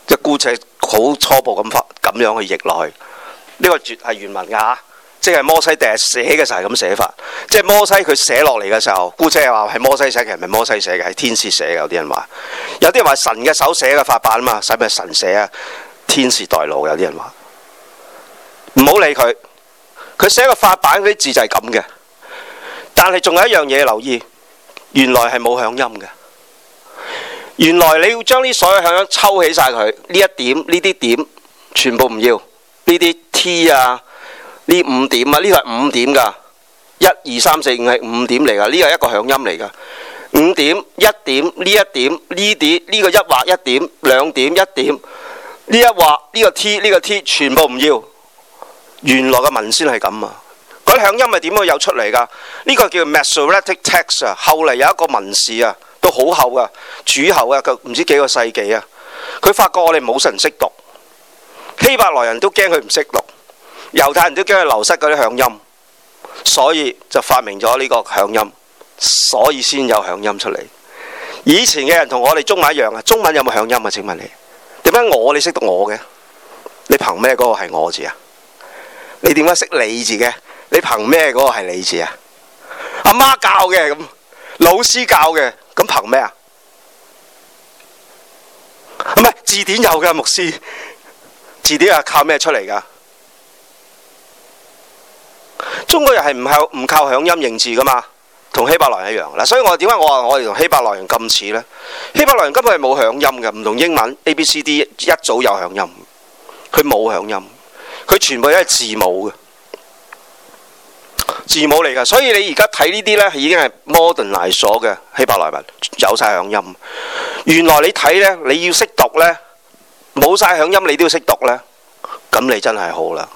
即姑姐好初步咁翻咁樣去譯落去呢、呢個絕係原文㗎即係摩西定係寫嘅時候係咁寫法，即係摩西佢寫落嚟嘅時候，姑姐話係摩西寫嘅，唔係摩西寫嘅係天使寫嘅。有啲人話有啲人話神嘅手寫嘅法版啊嘛，使咪神寫啊？天使代勞有啲人話唔好理佢，佢寫個法版嗰啲字就係咁嘅。但係仲有一樣嘢留意，原來係冇響音嘅。原來你要將呢所有響音抽起晒佢，呢一點呢啲點全部唔要，呢啲 T 啊，呢五點啊，呢個係五點噶，一二三四五係五點嚟噶，呢個係一個響音嚟噶，五點一點呢一點呢點呢個一畫一點兩點一點呢一畫呢個 T 呢個 T 全部唔要，原來嘅文先係咁啊！響音係點樣有出嚟噶？呢個叫 Masoretic Text 啊。後嚟有一個文士啊，都好厚啊，主後啊，唔知幾個世紀啊。佢發覺我哋冇人識讀，希伯來人都驚佢唔識讀，猶太人都驚佢流失嗰啲響音，所以就發明咗呢個響音，所以先有響音出嚟。以前嘅人同我哋中文一樣啊。中文有冇響音啊？請問你點解我你識讀我嘅？你憑咩嗰個係我字啊？你點解識你字嘅？你憑咩，嗰個係你字啊？阿媽教嘅。咁，老師教嘅，咁憑咩啊？唔係字典有嘅，牧師字典係靠咩出嚟噶？中國人係唔靠唔靠響音認字噶嘛？同希伯來一樣嗱，所以我點解我話我哋同希伯來人咁似咧？希伯來人根本係冇響音嘅，唔同英文 A B C D 一早有響音，佢冇響音，佢全部都係字母嘅。字母嚟㗎，所以你而家睇呢啲呢，已經係 modern 嚟咗嘅希伯來文，有晒響音。原來你睇呢，你要識讀呢，冇晒響音你都要識讀呢，咁你真係好啦。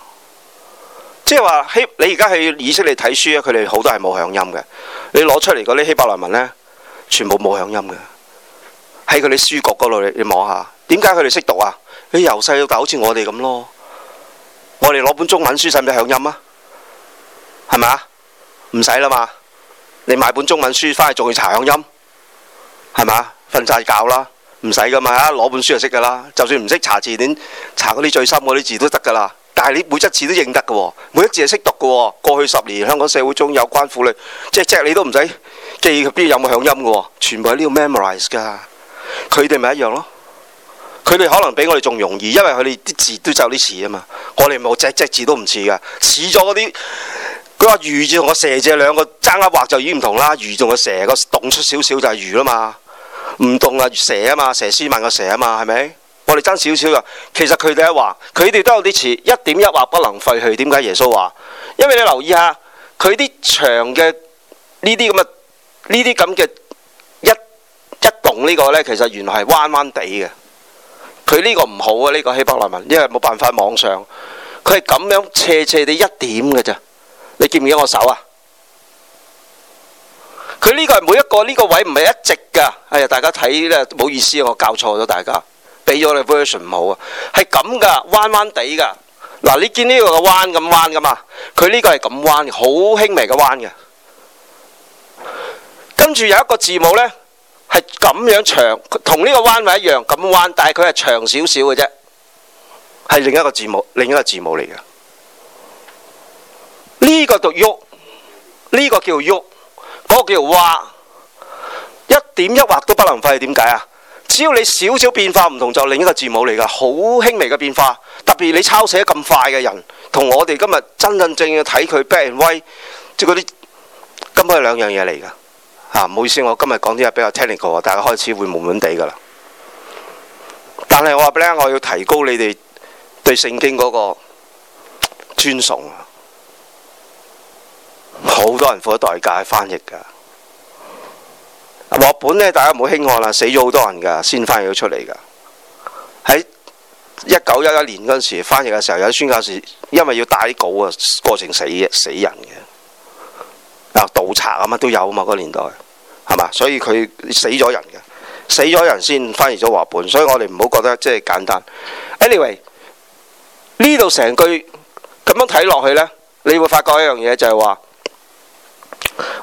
即係話，你而家去以色列睇書，佢哋好多係冇響音嘅。你攞出嚟嗰啲希伯來文呢，全部冇響音嘅。喺佢哋書局嗰度你望下，點解佢哋識讀啊？你由細到大好似我哋咁咯。我哋攞本中文書使唔使響音啊？係咪啊？唔使啦嘛，你買本中文書翻去，仲要查響音，係咪啊？瞓晒覺啦，唔使噶嘛，攞本書就識噶啦。就算唔識查字典，查嗰啲最深嗰啲字都得噶啦。但係你每則字都認得噶，每一字係識讀噶。過去十年香港社會中有關婦女即係即你都唔使記邊有冇響音噶，全部喺呢度 memorize 噶。佢哋咪一樣咯，佢哋可能比我哋仲容易，因為佢哋啲字都就啲詞啊嘛。我哋冇隻隻字都唔似噶，似咗嗰啲。佢話魚字同個蛇字兩個爭一劃就已經唔同啦。魚仲個蛇個動出少少就係魚啦嘛，唔動啊蛇啊嘛，蛇斯文個蛇啊嘛，係咪？我哋爭少少嘅，其實佢哋一劃，佢哋都有啲似，一點一劃不能廢去。點解耶穌話？因為你留意一下佢啲長嘅呢啲咁嘅呢啲咁嘅一一動呢個呢，其實原來係彎彎地嘅。佢呢個唔好啊，呢、呢個希伯來文，因為冇辦法往上，佢係咁樣斜斜地一點嘅啫。你見唔見我手啊？佢呢個係每一個呢、呢個位唔係一直噶，哎呀，大家睇咧，唔好意思，啊，我搞錯咗大家，畀咗你 version 唔好啊，係咁噶，彎彎地噶。嗱，你見呢個個彎咁彎噶嘛？佢呢個係咁彎，好輕微嘅彎嘅。跟住有一個字母咧，係咁樣長，同呢個彎位一樣咁彎，但係佢係長少少嘅啫，係另一個字母，另一個字母嚟嘅。呢個讀喐，呢、這個叫喐，嗰、那個叫畫，一點一畫都不能廢。點解啊？只要你少少變化唔同，就另一個字母嚟噶，好輕微嘅變化。特別你抄寫咁快嘅人，同我哋今日真真正正睇佢 black and white，即嗰啲根本係兩樣嘢嚟噶。吓、啊，唔好意思，我今日講啲嘢比較 technical，大家開始會悶悶地噶啦。但係我話俾你，我要提高你哋對聖經嗰個尊崇。好多人付咗代價去翻譯噶《和本》呢，大家唔好輕看啦，死咗好多人噶，先翻譯咗出嚟噶。喺一九一一年嗰陣時翻譯嘅時候，有啲宣教士因為要打稿啊，過程死死人嘅嗱盜賊啊嘛都有啊嘛，嗰年代係嘛，所以佢死咗人嘅，死咗人先翻譯咗《和本》，所以我哋唔好覺得即係簡單。Anyway 呢度成句咁樣睇落去呢，你會發覺一樣嘢就係話。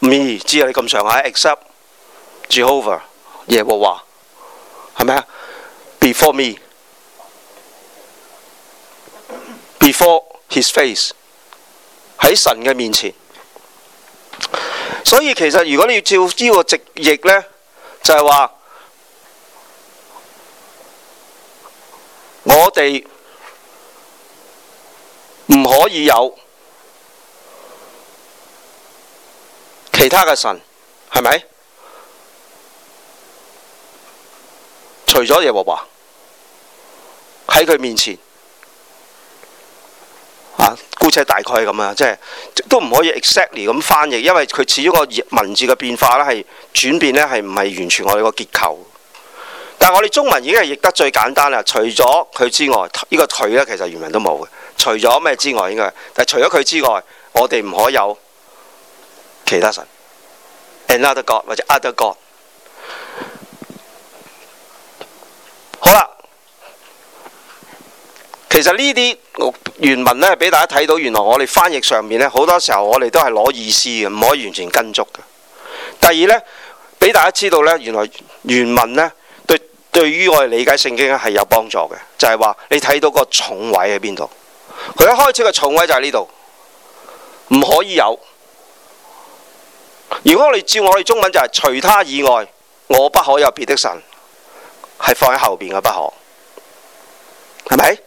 me，只有你咁上下，except Jehovah 耶和華，係咪啊？Before me，before His face，喺神嘅面前。所以其實如果你要照呢個直譯呢，就係話我哋唔可以有。其他嘅神係咪？除咗耶和華喺佢面前啊，姑且大概係咁啊，即係都唔可以 exactly 咁翻譯，因為佢始終個文字嘅變化咧，係轉變咧，係唔係完全我哋個結構？但係我哋中文已經係譯得最簡單啦。除咗佢之外，呢個佢咧其實原文都冇嘅。除咗咩之外，應該係，但係除咗佢之外，我哋唔可以有。其他神，another God 或者 other God，好啦，其實呢啲原文呢，俾大家睇到，原來我哋翻譯上面呢，好多時候我哋都係攞意思嘅，唔可以完全跟足嘅。第二呢，俾大家知道呢，原來原文呢，對對於我哋理解聖經咧係有幫助嘅，就係話你睇到個重位喺邊度，佢一開始嘅重位就喺呢度，唔可以有。如果我哋照我哋中文就係、是、除他以外，我不可有別的神，係放喺後邊嘅不可，係咪？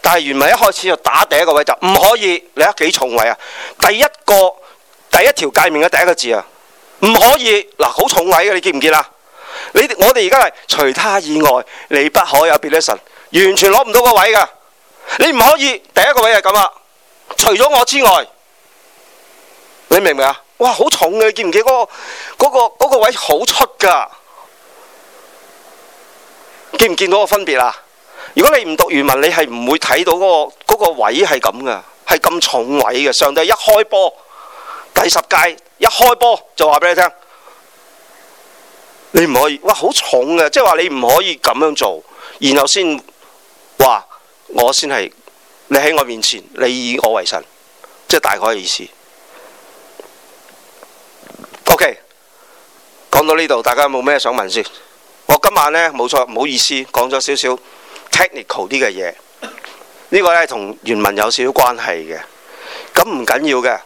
但係原文一開始就打第一個位就唔可以，你睇幾重位啊？第一個第一條界面嘅第一個字啊，唔可以，嗱、啊、好重位嘅，你見唔見啊？你，看看啊你我哋而家係除他以外，你不可有別的神，完全攞唔到個位噶，你唔可以第一個位係咁啊，除咗我之外，你明唔明啊？哇，好重嘅，你見唔見嗰個嗰個嗰個位好出噶？見唔見到個分別啊？如果你唔讀原文，你係唔會睇到嗰個嗰個位係咁噶，係咁重位嘅。上帝一開波第十誡一開波就話俾你聽，你唔可以。哇，好重嘅，即係話你唔可以咁樣做，然後先話我先係你喺我面前，你以我為神，即係大概嘅意思。OK，講到呢度，大家有冇咩想問先？我今晚咧冇錯，唔好意思講咗少少 technical 啲嘅嘢。呢個咧同原文有少少關係嘅，咁唔緊要嘅。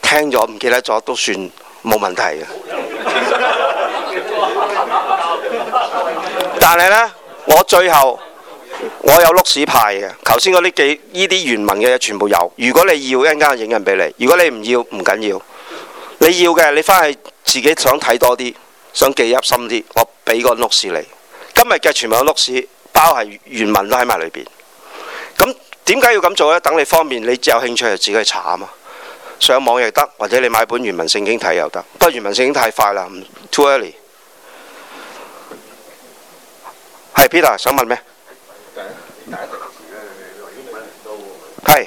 聽咗唔記得咗都算冇問題嘅。但係咧，我最後我有碌屎派嘅。頭先嗰啲記依啲原文嘅嘢全部有。如果你要，一陣間影印俾你；如果你唔要，唔緊要。你要嘅，你翻去自己想睇多啲，想記憶深啲，我畀個 notes 你。今日嘅全部嘅 notes，包係原文都喺埋裏邊。咁點解要咁做咧？等你方便，你只有興趣就自己去查啊嘛。上網又得，或者你買本原文聖經睇又得。不過原文聖經太快啦，唔 too early。係 Peter，想問咩？係。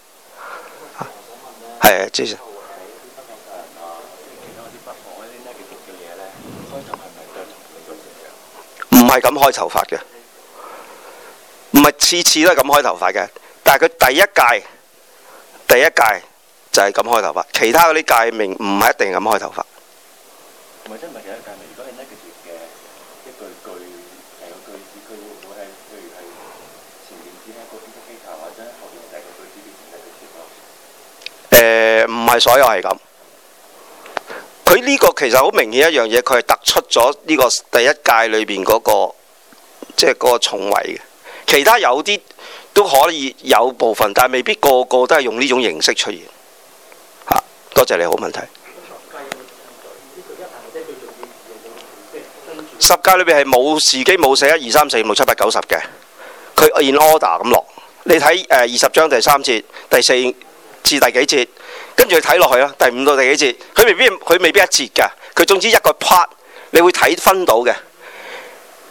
係啊，即係。唔係咁開頭法嘅，唔係次次都係咁開頭法嘅。但係佢第一誡，第一誡就係咁開頭法，其他嗰啲誡命唔係一定咁開頭法。誒，唔係、呃、所有係咁。佢呢個其實好明顯一樣嘢，佢係突出咗呢個第一誡裏邊嗰、那個，即、就、係、是、個重位嘅。其他有啲都可以有部分，但係未必個個都係用呢種形式出現。啊、多謝你好問題。十誡裏邊係冇時機冇寫一二三四五六七八九十嘅，佢按 order 咁落。你睇誒二十章第三節第四。至第幾節，跟住你睇落去咯。第五到第幾節，佢未必佢未必一節嘅，佢總之一個 part，你會睇分到嘅，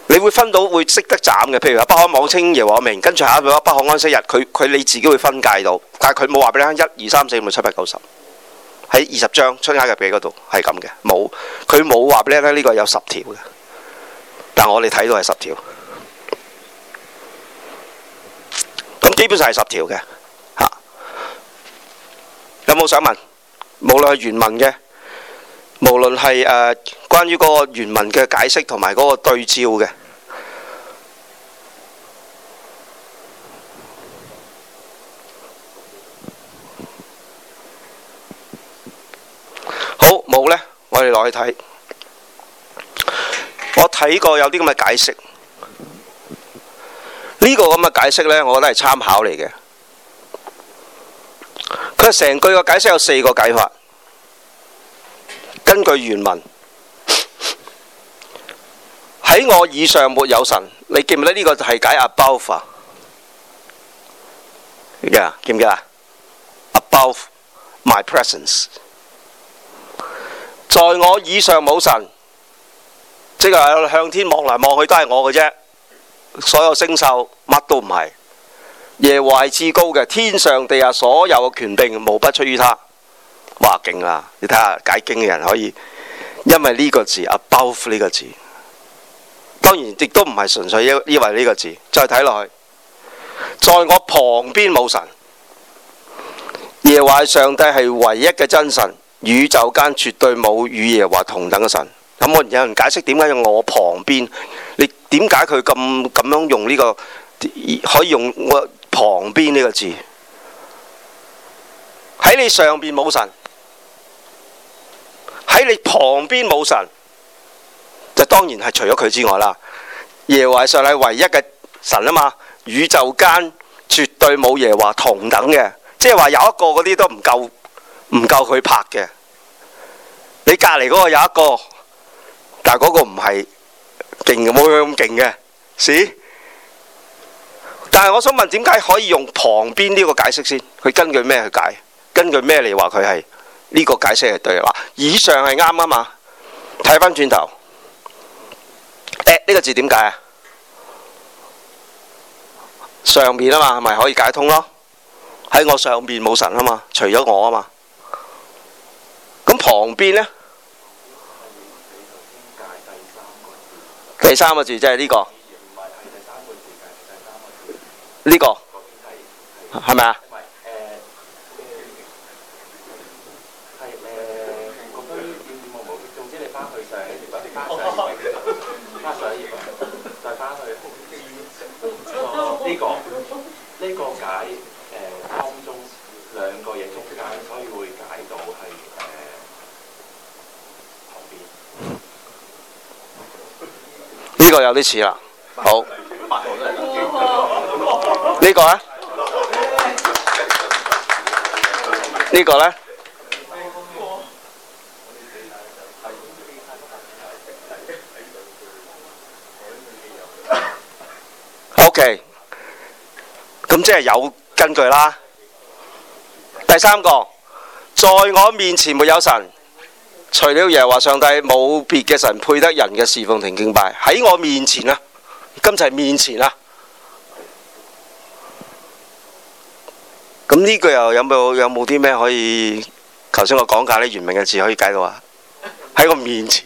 你會分到會識得斬嘅。譬如話不可妄稱耶和華名，跟住下一句不可安息日，佢佢你自己會分界到，但係佢冇話俾你聽一二三四五六七八九十喺二十章出埃及記嗰度係咁嘅。冇佢冇話俾你聽呢個有十條嘅，但係我哋睇到係十條，咁基本上係十條嘅。有冇想問？無論係原文嘅，無論係誒關於嗰個原文嘅解釋同埋嗰個對照嘅，好冇呢？我哋落去睇。我睇過有啲咁嘅解釋，呢個咁嘅解釋呢，我覺得係參考嚟嘅。.佢成句嘅解釋有四個解法，根據原文，喺我以上沒有神，你記唔記得呢個就係解 ab 啊 above、yeah，記唔記得啊？above my presence，在我以上冇神，即係向天望來望去都係我嘅啫，所有星宿乜都唔係。耶和華至高嘅天上地下所有嘅權柄，無不出於他，哇勁啊！你睇下解經嘅人可以，因為呢個字 above 呢個字，當然亦都唔係純粹因因為呢個字，再睇落去，在我旁邊冇神，耶和華上帝係唯一嘅真神，宇宙間絕對冇與耶和華同等嘅神。咁我有人解釋點解用我旁邊，你點解佢咁咁樣用呢個，可以用我？旁邊呢個字喺你上面冇神，喺你旁邊冇神，就當然係除咗佢之外啦。耶和華上係唯一嘅神啊嘛，宇宙間絕對冇耶和華同等嘅，即係話有一個嗰啲都唔夠，唔夠佢拍嘅。你隔籬嗰個有一個，但係嗰個唔係勁，冇佢咁勁嘅，屎。See? 但係我想問，點解可以用旁邊呢個解釋先？佢根據咩去解？根據咩嚟話佢係呢個解釋係對嘅？嗱，以上係啱啊嘛。睇翻轉頭，誒，呢個字點解啊？上面啊嘛，係咪可以解通咯？喺我上面冇神啊嘛，除咗我啊嘛。咁旁邊咧，第三個字即係呢個。呢、呢個係咪啊？係誒，總之你翻去寫，你再翻去呢個，呢個解誒當中兩個嘢中間，所以會解到係誒呢個有啲似啦，好。好啊呢個啊？呢個咧？OK，咁即係有根據啦。第三個，在我面前沒有神，除了耶和華上帝，冇別嘅神配得人嘅侍奉、聽敬拜。喺我面前啊，今次係面前啊。咁呢句又有冇有冇啲咩可以？頭先我講解啲原名嘅字可以解到啊！喺我面前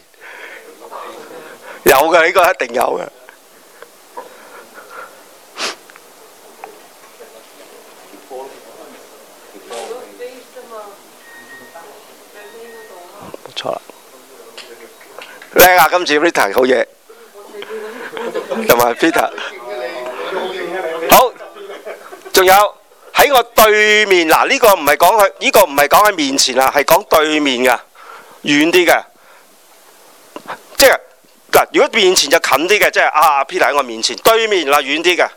有嘅？呢個一定有嘅。冇錯啦，叻啊！今次呢題好嘢，同埋 Peter，好，仲有。喺我對面嗱，呢、這個唔係講喺，呢、這個唔係講喺面前啊，係講對面嘅遠啲嘅，即係嗱，如果面前就近啲嘅，即係啊，撇嚟喺我面前，對面啦，遠啲嘅，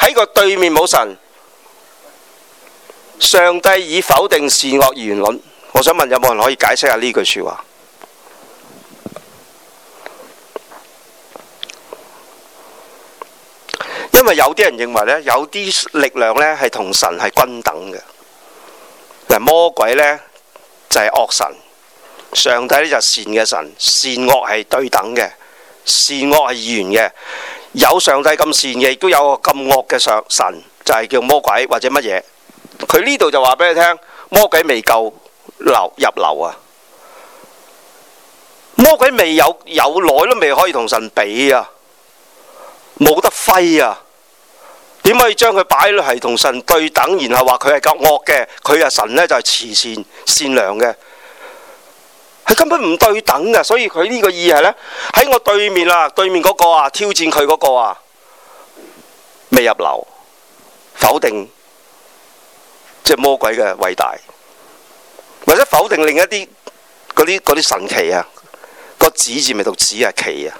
喺個對面冇神，上帝以否定善惡言論，我想問有冇人可以解釋下呢句說話？因為有啲人認為呢，有啲力量呢係同神係均等嘅。嗱，魔鬼呢就係惡神，上帝呢就係善嘅神。善惡係對等嘅，善惡係二元嘅。有上帝咁善嘅，亦都有咁惡嘅上神，就係叫魔鬼或者乜嘢。佢呢度就話俾你聽，魔鬼未夠流入流啊！魔鬼未有有耐都未可以同神比啊，冇得揮啊！點可以將佢擺落係同神對等，然後話佢係夠惡嘅，佢啊神呢，就係慈善善良嘅，係根本唔對等嘅。所以佢呢個意係呢：喺我對面啦，對面嗰個啊挑戰佢嗰個啊未入流，否定即係魔鬼嘅偉大，或者否定另一啲嗰啲啲神奇啊、個子字咪讀子啊奇啊，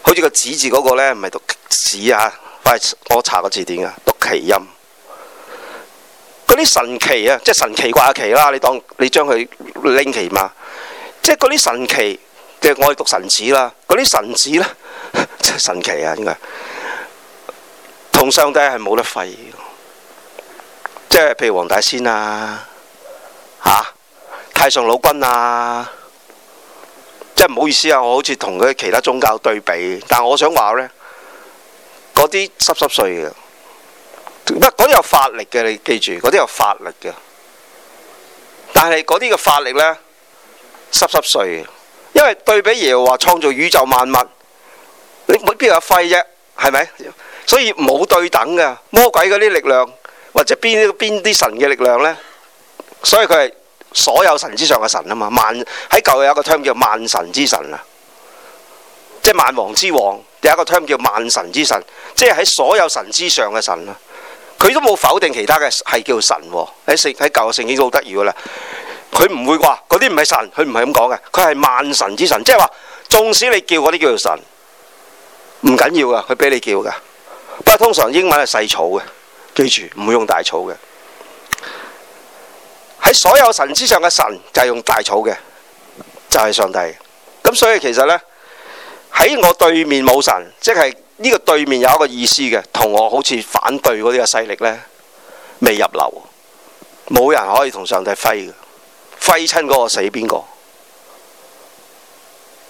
好似個子字嗰個咧唔係讀子啊。我查個字典啊，讀奇音。嗰啲神奇啊，即係神奇怪奇啦。你當你將佢拎奇嘛？即係嗰啲神奇嘅，我係讀神子啦。嗰啲神子咧，神奇啊，應該同上帝係冇得廢。即係譬如黃大仙啊，嚇、啊、太上老君啊。即係唔好意思啊，我好似同佢其他宗教對比，但係我想話咧。嗰啲濕濕碎嘅，不過嗰啲有法力嘅，你記住，嗰啲有法力嘅，但係嗰啲嘅法力呢，濕濕碎嘅，因為對比耶和華創造宇宙萬物，你冇邊有廢啫，係咪？所以冇對等嘅，魔鬼嗰啲力量或者邊邊啲神嘅力量呢，所以佢係所有神之上嘅神啊嘛，萬喺舊約有一個 term 叫萬神之神啊，即係萬王之王。第一個 term 叫萬神之神，即係喺所有神之上嘅神啦。佢都冇否定其他嘅係叫神喺聖喺舊聖經都好得意噶啦。佢唔會話嗰啲唔係神，佢唔係咁講嘅。佢係萬神之神，即係話縱使你叫嗰啲叫做神，唔緊要噶，佢俾你叫噶。不過通常英文係細草嘅，記住唔會用大草嘅。喺所有神之上嘅神就係用大草嘅，就係上帝。咁所以其實呢。喺我對面冇神，即係呢個對面有一個意思嘅，同我好似反對嗰啲嘅勢力呢，未入流，冇人可以同上帝揮嘅，揮親嗰個死邊個？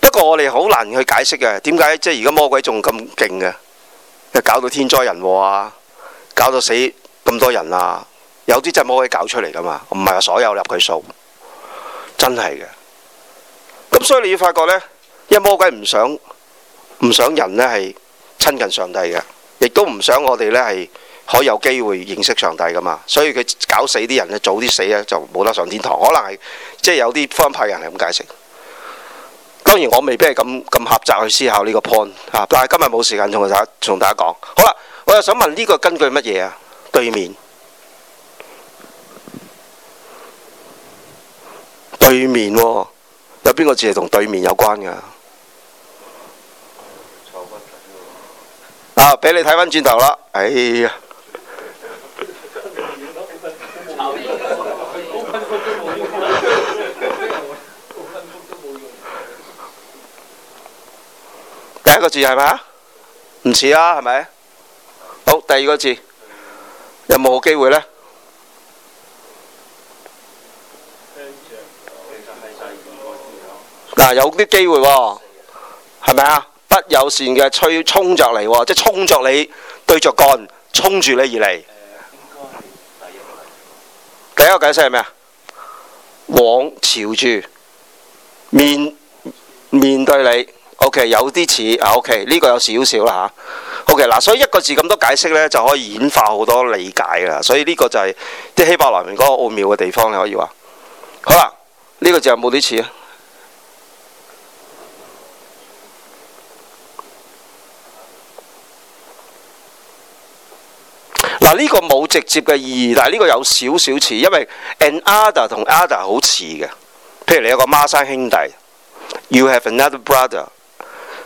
不過我哋好難去解釋嘅，點解即係而家魔鬼仲咁勁嘅？又搞到天災人禍啊，搞到死咁多人啊！有啲真係魔鬼搞出嚟㗎嘛？唔係話所有入佢數，真係嘅。咁所以你要發覺呢？因為魔鬼唔想唔想人咧，係親近上帝嘅，亦都唔想我哋咧，係可以有機會認識上帝噶嘛，所以佢搞死啲人咧，早啲死咧就冇得上天堂。可能係即係有啲方派人係咁解釋。當然我未必係咁咁狹窄去思考呢個 point 啊，但係今日冇時間同大家同大家講。好啦，我又想問呢個根據乜嘢啊？對面，對面，哦，有邊個字係同對面有關嘅？啊！俾你睇翻轉頭啦，哎呀！第一個字係咪啊？唔似啊，係咪？好，第二個字有冇好機會呢？嗱，有啲機會喎，係咪啊？不友善嘅吹衝着嚟喎，即係衝著你，對着幹，衝住你而嚟。第一個解釋係咩啊？往朝住面面對你。OK，有啲似啊。OK，呢個有少少啦吓，OK，嗱，所以一個字咁多解釋呢，就可以演化好多理解噶啦。所以呢個就係啲希伯來文嗰個奧妙嘅地方，你可以話。好啦，呢、呢個就有冇啲似啊？嗱，呢個冇直接嘅意義，但係呢個有少少似，因為 another 同 other 好似嘅。譬如你有個孖生兄弟，you have another brother，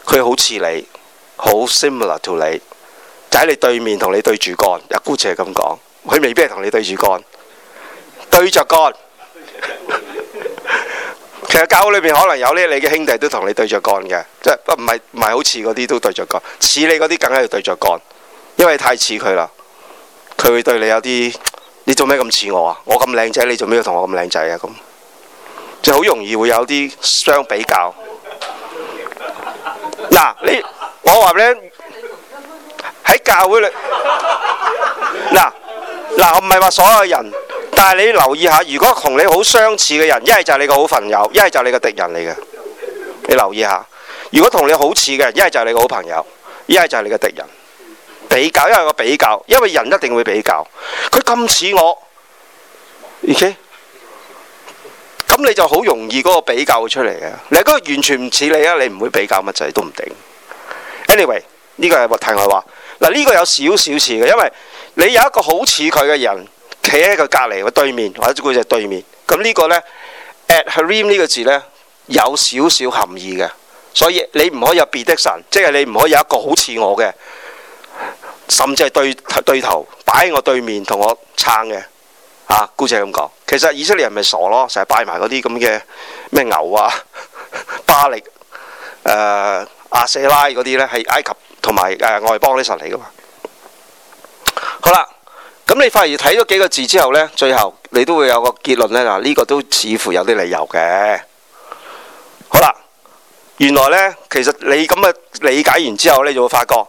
佢好似你，好 similar to 你，就喺你對面同你對住幹，啊。姑且咁講，佢未必係同你對住幹，對着幹。 其實教會裏邊可能有呢，你嘅兄弟都同你對着幹嘅，即係不唔係唔係好似嗰啲都對着幹，似你嗰啲梗係要對着幹，因為你太似佢啦。佢會對你有啲，你做咩咁似我啊？我咁靚仔，你做咩要同我咁靚仔啊？咁就好容易會有啲相比較。嗱，你我話咧，喺教會裏，嗱嗱，我唔係話所有人，但係你留意下，如果同你好相似嘅人，一係就係你個好朋友，一係就係你個敵人嚟嘅。你留意下，如果同你好似嘅人，一係就係你個好朋友，一係就係你個敵人。比較，因為個比較，因為人一定會比較。佢咁似我，OK，咁你就好容易嗰個比較出嚟嘅。你嗰個完全唔似你啊，你唔會比較乜滯都唔定。Anyway，呢個係話題外話嗱。呢個有少少似嘅，因為你有一個好似佢嘅人企喺佢隔離嘅對面，或者佢就係對面咁，呢個呢 At Herim 呢個字呢，有少少含義嘅，所以你唔可以有別的神，即係你唔可以有一個好似我嘅。甚至係對對，對頭擺喺我對面同我撐嘅。啊姑且咁講，其實以色列人咪傻咯，成日拜埋嗰啲咁嘅咩牛啊呵呵、巴力、呃、阿亞舍拉嗰啲呢，係埃及同埋誒外邦啲神嚟噶嘛。好啦，咁你發現睇咗幾個字之後呢，最後你都會有個結論呢。嗱、這、呢個都似乎有啲理由嘅。好啦，原來呢，其實你咁嘅理解完之後呢，就會發覺，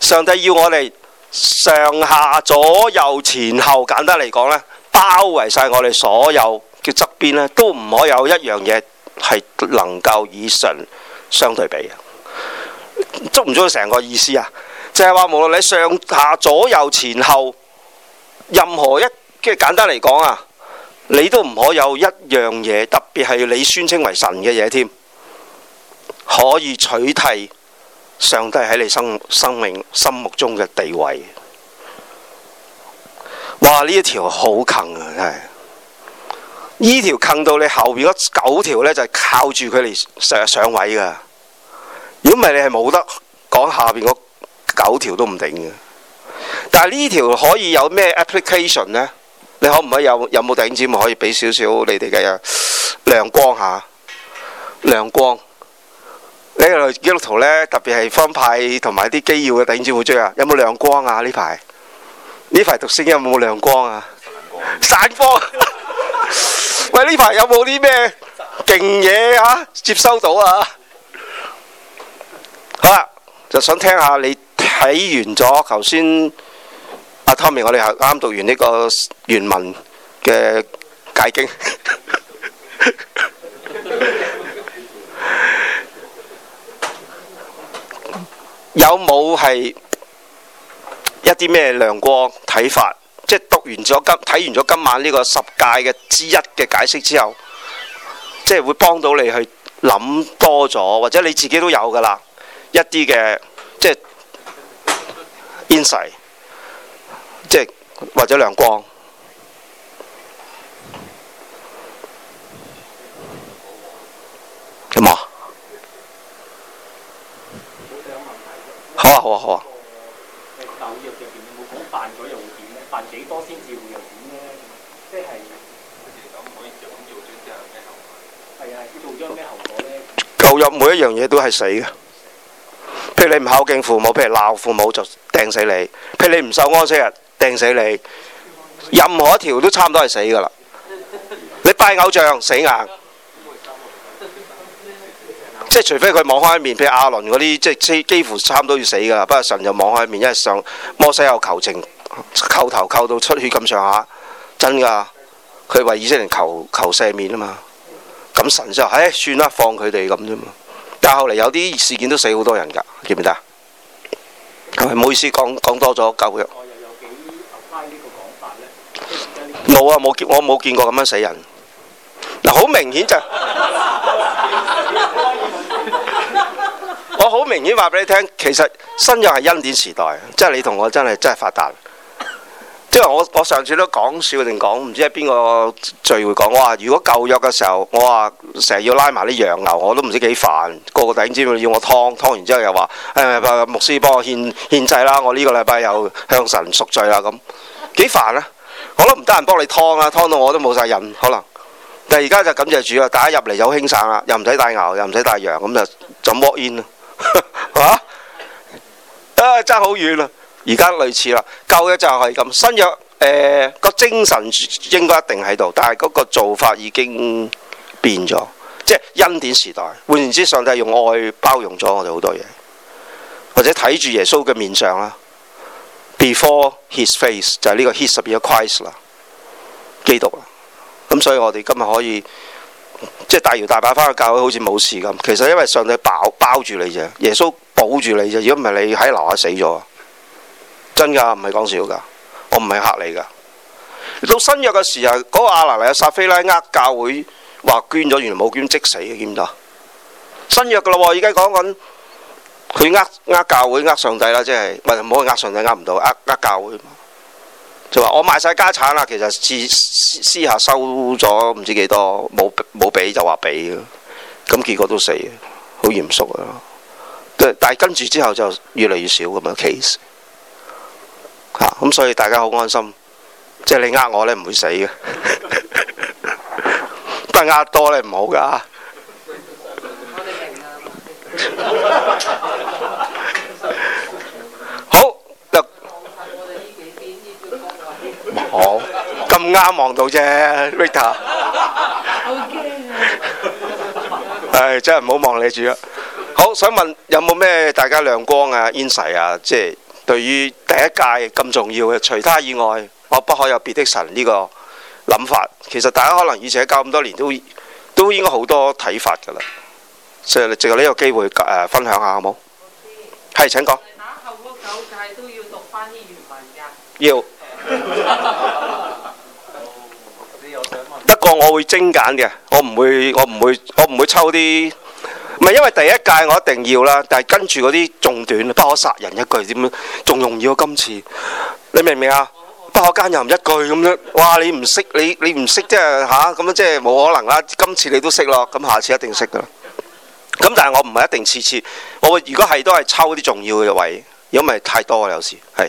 上帝要我哋上下左右前後，簡單嚟講，呢包圍晒我哋所有嘅側邊，呢都唔可以有一樣嘢係能夠以神相對比嘅。足唔足成個意思啊？就係話無論你上下左右前後，任何一即係簡單嚟講啊，你都唔可以有一樣嘢，特別係你宣稱為神嘅嘢添，可以取替。上帝喺你生命生命心目中嘅地位，哇！呢一條好近啊，真係！呢條近到你後邊嗰九條呢，就係、是、靠住佢嚟上上位㗎。如果唔係，你係冇得講下邊嗰九條都唔頂嘅。但係呢條可以有咩 application 呢？你可唔可以有有冇頂尖？可以俾少少你哋嘅亮光下、啊，亮光。呢個基督徒咧，特別係分派同埋啲基要嘅弟兄會追啊，有冇亮光啊？呢排呢排讀聖經有冇亮光啊？散光。喂光，呢排 有冇啲咩勁嘢啊？接收到啊？好啦，就想聽下你睇完咗頭先阿 Tommy，我哋啱讀完呢個原文嘅戒經。 有冇係一啲咩亮光睇法？即係讀完咗今睇完咗今晚呢個十誡嘅之一嘅解釋之後，即係會幫到你去諗多咗，或者你自己都有噶啦一啲嘅即係 insight，即係或者亮光。哇！教育入邊，你冇講辦咗又會點咧？辦幾多先至會又點咧？即係咁可以講做偶像嘅後果係啊？佢做咗咩後果咧？舊約每一樣嘢都係死嘅，譬如你唔孝敬父母，譬如鬧父母就掟死你；譬如你唔受安息日，掟死你。任何一條都差唔多係死噶啦。你拜偶像死硬。即係除非佢望開面，譬如阿倫嗰啲，即係似幾乎差唔多要死㗎。不過神就望開面，因為上摩西有求情，叩頭叩到出血咁上下，真㗎。佢為以色列求求赦免啊嘛。咁神就唉，算啦，放佢哋咁啫嘛。但係、哎、後嚟有啲事件都死好多人㗎，見唔見得？咁唔好意思講講多咗救藥。冇啊，冇我冇見過咁樣死人。嗱，好明顯就。 我好明顯話俾你聽，其實新約係恩典時代，即係你同我真係真係發達。即係我我上次都講笑定講，唔知喺邊個聚會講，我話如果舊約嘅時候，我話成日要拉埋啲羊牛，我都唔知幾煩。個個頂知要我劏，劏完之後又話、欸、牧師幫我獻獻祭啦，我呢個禮拜又向神贖罪啦咁幾煩啊！我都唔得閒幫你劏啦，劏到我都冇晒癮可能。但係而家就感謝主啊！大家入嚟好輕省啦，又唔使帶牛，又唔使帶羊，咁就就摸煙。吓、 啊！啊，差好遠啦，而家類似啦，舊嘅就係咁，新約誒、呃那個精神應該一定喺度，但係嗰個做法已經變咗，即係恩典時代，換言之上，上帝用愛包容咗我哋好多嘢，或者睇住耶穌嘅面上啦，before His face 就係呢、這個 His Son Christ 啦，基督啦，咁所以我哋今日可以。即係大搖大擺翻去教會，好似冇事咁。其實因為上帝包包住你啫，耶穌保住你啫。如果唔係你喺樓下死咗，真噶唔係講笑噶。我唔係嚇你噶。到新約嘅時候，嗰個亞拿尼亞、撒非喇呃教會話捐咗，原來冇捐即死嘅，見唔到？新約噶啦，而家講緊佢呃呃教會呃上帝啦，即係唔好唔呃上帝，呃唔到，呃呃教會。就話我賣晒家產啦，其實私下收咗唔知幾多，冇冇俾就話俾咯，咁結果都死，好嚴肅啊！但係跟住之後就越嚟越少咁嘅 case，吓，咁所以大家好安心，即係你呃我呢唔會死嘅， 但多不過呃多呢唔好噶。 哦，咁啱望到啫，Rita。好驚啊！誒 Okay. 哎，真係唔好望你住啊。好，想問有冇咩大家亮光啊、insight 啊？即、就、係、是、對於第一誡咁重要嘅，除他以外，我不可有別的神呢、這個諗法。其實大家可能以前喺教咁多年都都應該好多睇法㗎啦。所以你藉呢個機會誒、呃、分享一下好冇？係 Okay. 請講。後嗰九誡都要讀返啲原文㗎。要。得過我會精簡嘅，我唔會我唔會我唔會抽啲，唔係因為第一屆我一定要啦，但係跟住嗰啲仲短，不可殺人一句點樣？仲容易今次，你明唔明啊？不可奸淫一句咁樣，哇！你唔識你你唔識、啊、即係吓咁樣，即係冇可能啦！今次你都識咯，咁下次一定識噶啦。咁但係我唔係一定次次，我會如果係都係抽啲重要嘅位，如果唔係太多啊，有時係。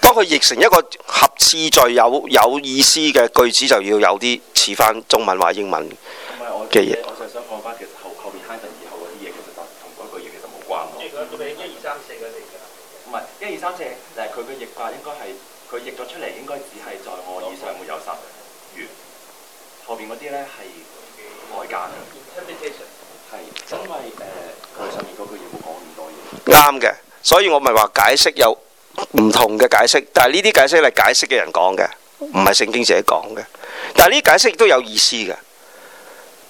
當佢譯成一個合次序有有意思嘅句子，就要有啲似翻中文或英文嘅嘢。我就想講翻，其實後後邊 hand 以後嗰啲嘢，其實同嗰句嘢其實冇關。最緊要都係一二三四嗰啲嘅啦。唔係一二三四，但係佢嘅譯法應該係，佢譯咗出嚟應該只係在我以上沒有十完，後邊嗰啲咧係外加嘅。Interpretation 係，因為誒，佢上面嗰句嘢冇講咁多嘢。啱嘅，所以我咪話解釋有。唔同嘅解釋，但係呢啲解釋係解釋嘅人講嘅，唔係聖經寫講嘅。但係呢啲解釋亦都有意思嘅，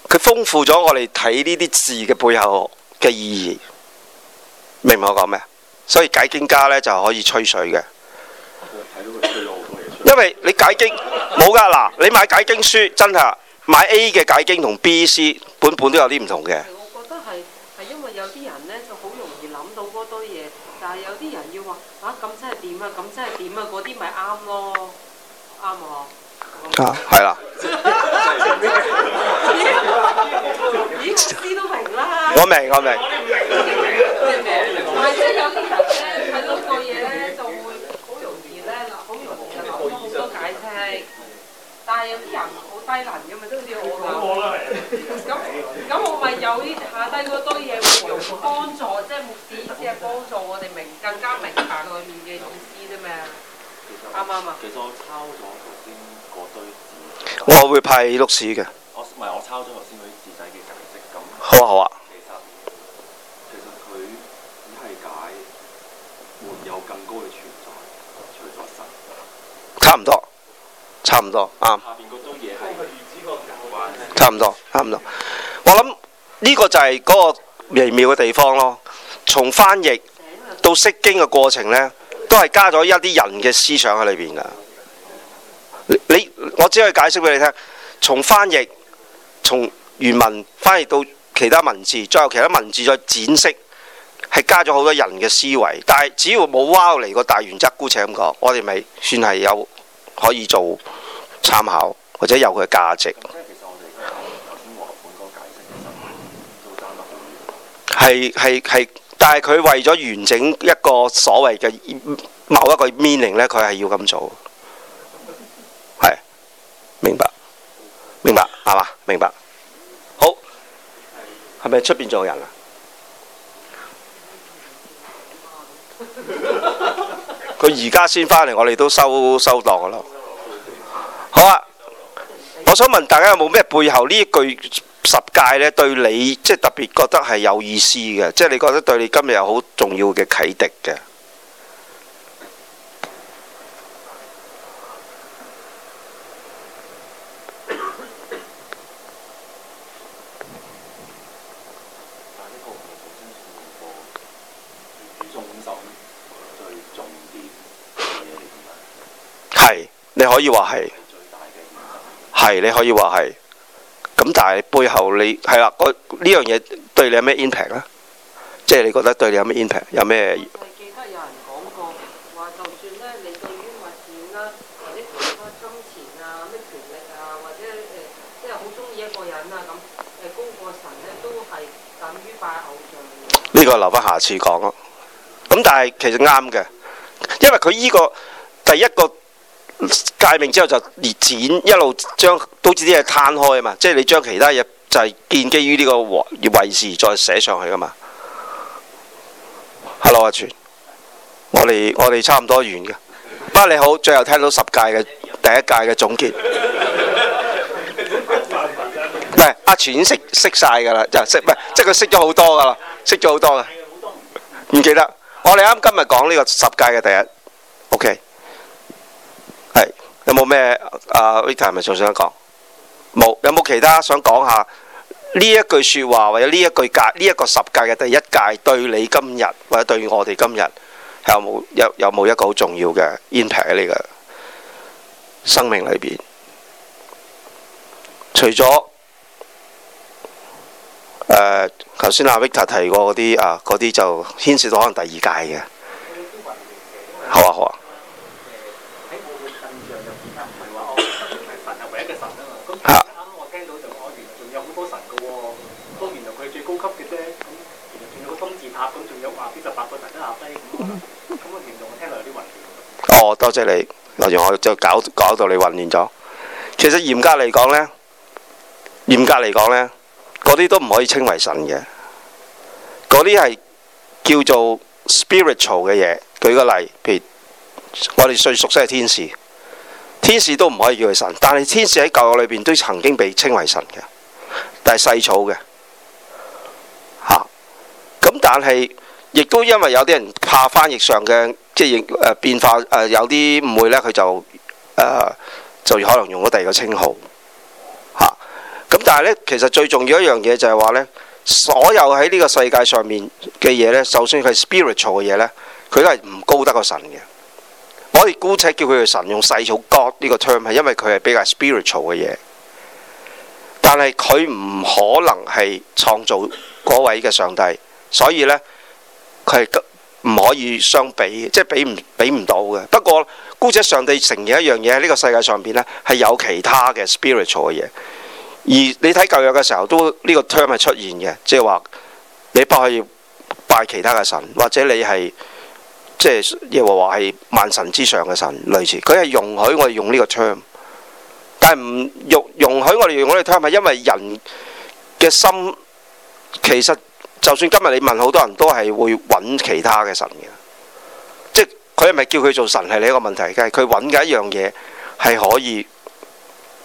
佢豐富咗我哋睇呢啲字嘅背後嘅意義。明唔明我講咩？所以解經家呢就可以吹水嘅，因為你解經冇㗎。嗱，你買解經書真係啊，買 A 嘅解經同 B、C 本本都有啲唔同嘅。咁即係點啊？嗰啲咪啱咯，啱喎。啊，係啦。啲都明啦。我明，我明。但係即係有啲人咧睇到個嘢咧，就會好容易咧，好容易留咗好多解釋。但係有啲人好低能㗎嘛，都好似我咁。咁咁，我咪有啲下低嗰堆嘢，會用幫助，即係目的係幫助我哋明。啱啱啊！其實我抄咗頭先嗰堆紙。我會派碌屎嘅。我唔係我抄咗頭先嗰啲自製嘅解釋咁。好啊好啊。其實其實佢只係解，沒有更高嘅存在，除咗神。差唔多，差唔多啊。下邊嗰堆嘢係。差唔多，差唔多。我諗呢個就係嗰個微妙嘅地方咯。從翻譯到釋經嘅過程咧。都係加咗一啲人嘅思想喺裏邊噶。你我只可以解釋俾你聽，從翻譯，從原文翻譯到其他文字，再有其他文字再展釋，係加咗好多人嘅思維。但係只要冇歪嚟個大原則，姑且咁講，我哋咪算係有可以做參考，或者有佢嘅價值。係係係。但係佢為咗完整一個所謂嘅某一個 meaning 呢，佢係要咁做的。係明白，明白，係嘛？明白，好，係咪出邊做人啊？佢而家先翻嚟，我哋都收收檔噶咯。好啊，我想問大家有冇咩背後呢一句？十誡咧對你，即、就是、特別覺得係有意思嘅，即、就、係、是、你覺得對你今日有好重要嘅啟迪嘅。係，你可以話係。係，你可以話係。咁但係背後你係啦，呢樣嘢對你有咩 impact 咧？即係你覺得對你有咩 impact？有咩？我記得有人講過話，就算咧你對於發展啦，或者其他金錢啊、咩權力啊，或者即係好中意一個人啊，咁係高過神咧，都係等於拜偶像。呢個留翻下次講咯。咁但係其實啱嘅，因為佢依個第一個。誡命之後就而截，一路將都好似啲嘢攤開啊嘛，即、就、係、是、你將其他嘢就係、是、建基於呢個王遺事再寫上去啊嘛。Hello 阿全，我哋我哋差唔多完嘅。不過你好，最後聽到十誡嘅第一誡嘅總結。喂、 啊，阿全識了識曬㗎啦，即係識唔係即係佢識咗好多㗎啦，識咗好多㗎。唔記得，我哋啱今日講呢個十誡嘅第一，OK。有冇咩啊？Victor 係咪仲想講？冇，有冇其他想講下？呢一句說話，或者呢一句誡、呢一個十誡嘅第一誡對你今日或者對我哋今日係有冇有有冇一個好重要嘅 impact 喺呢個生命裏邊？除咗誒、頭、呃、先阿、啊、Victor 提過嗰啲啊，嗰啲就牽涉到可能第二誡嘅。好啊，好啊。我多謝你，我用我就搞搞到你混亂咗。其實嚴格嚟講呢，嚴格嚟講呢，嗰啲都唔可以稱為神嘅，嗰啲係叫做 spiritual 嘅嘢。舉個例，譬如我哋最熟悉嘅天使，天使都唔可以叫佢神，但係天使喺教育裏邊都曾經被稱為神嘅，但係細草嘅，吓、啊、咁但係。亦都因為有啲人怕翻譯上嘅即係誒變化誒、呃、有啲誤會呢，佢就誒、呃、就可能用咗第二個稱號嚇。咁、啊、但係呢，其實最重要的一樣嘢就係話呢，所有喺呢個世界上面嘅嘢呢，就算係 spiritual 嘅嘢呢，佢都係唔高得個神嘅。我哋姑且叫佢係神用細草 god 呢、呢個 term 係，因為佢係比較 spiritual 嘅嘢，但係佢唔可能係創造嗰位嘅上帝，所以呢。佢係唔可以相比嘅，即係比唔比唔到嘅。不過，姑且上帝承認一樣嘢喺呢個世界上邊呢係有其他嘅 spiritual 嘅嘢，而你睇舊約嘅時候，都呢個 term 係出現嘅，即係話你不可以拜其他嘅神，或者你係即係耶和華係萬神之上嘅神，類似佢係容許我哋用呢個 term，但係唔容容許我哋用我哋 term 係因為人嘅心其實。就算今日你問好多人都係會揾其他嘅神嘅，即係佢係咪叫佢做神係另一個問題，但係佢揾嘅一樣嘢係可以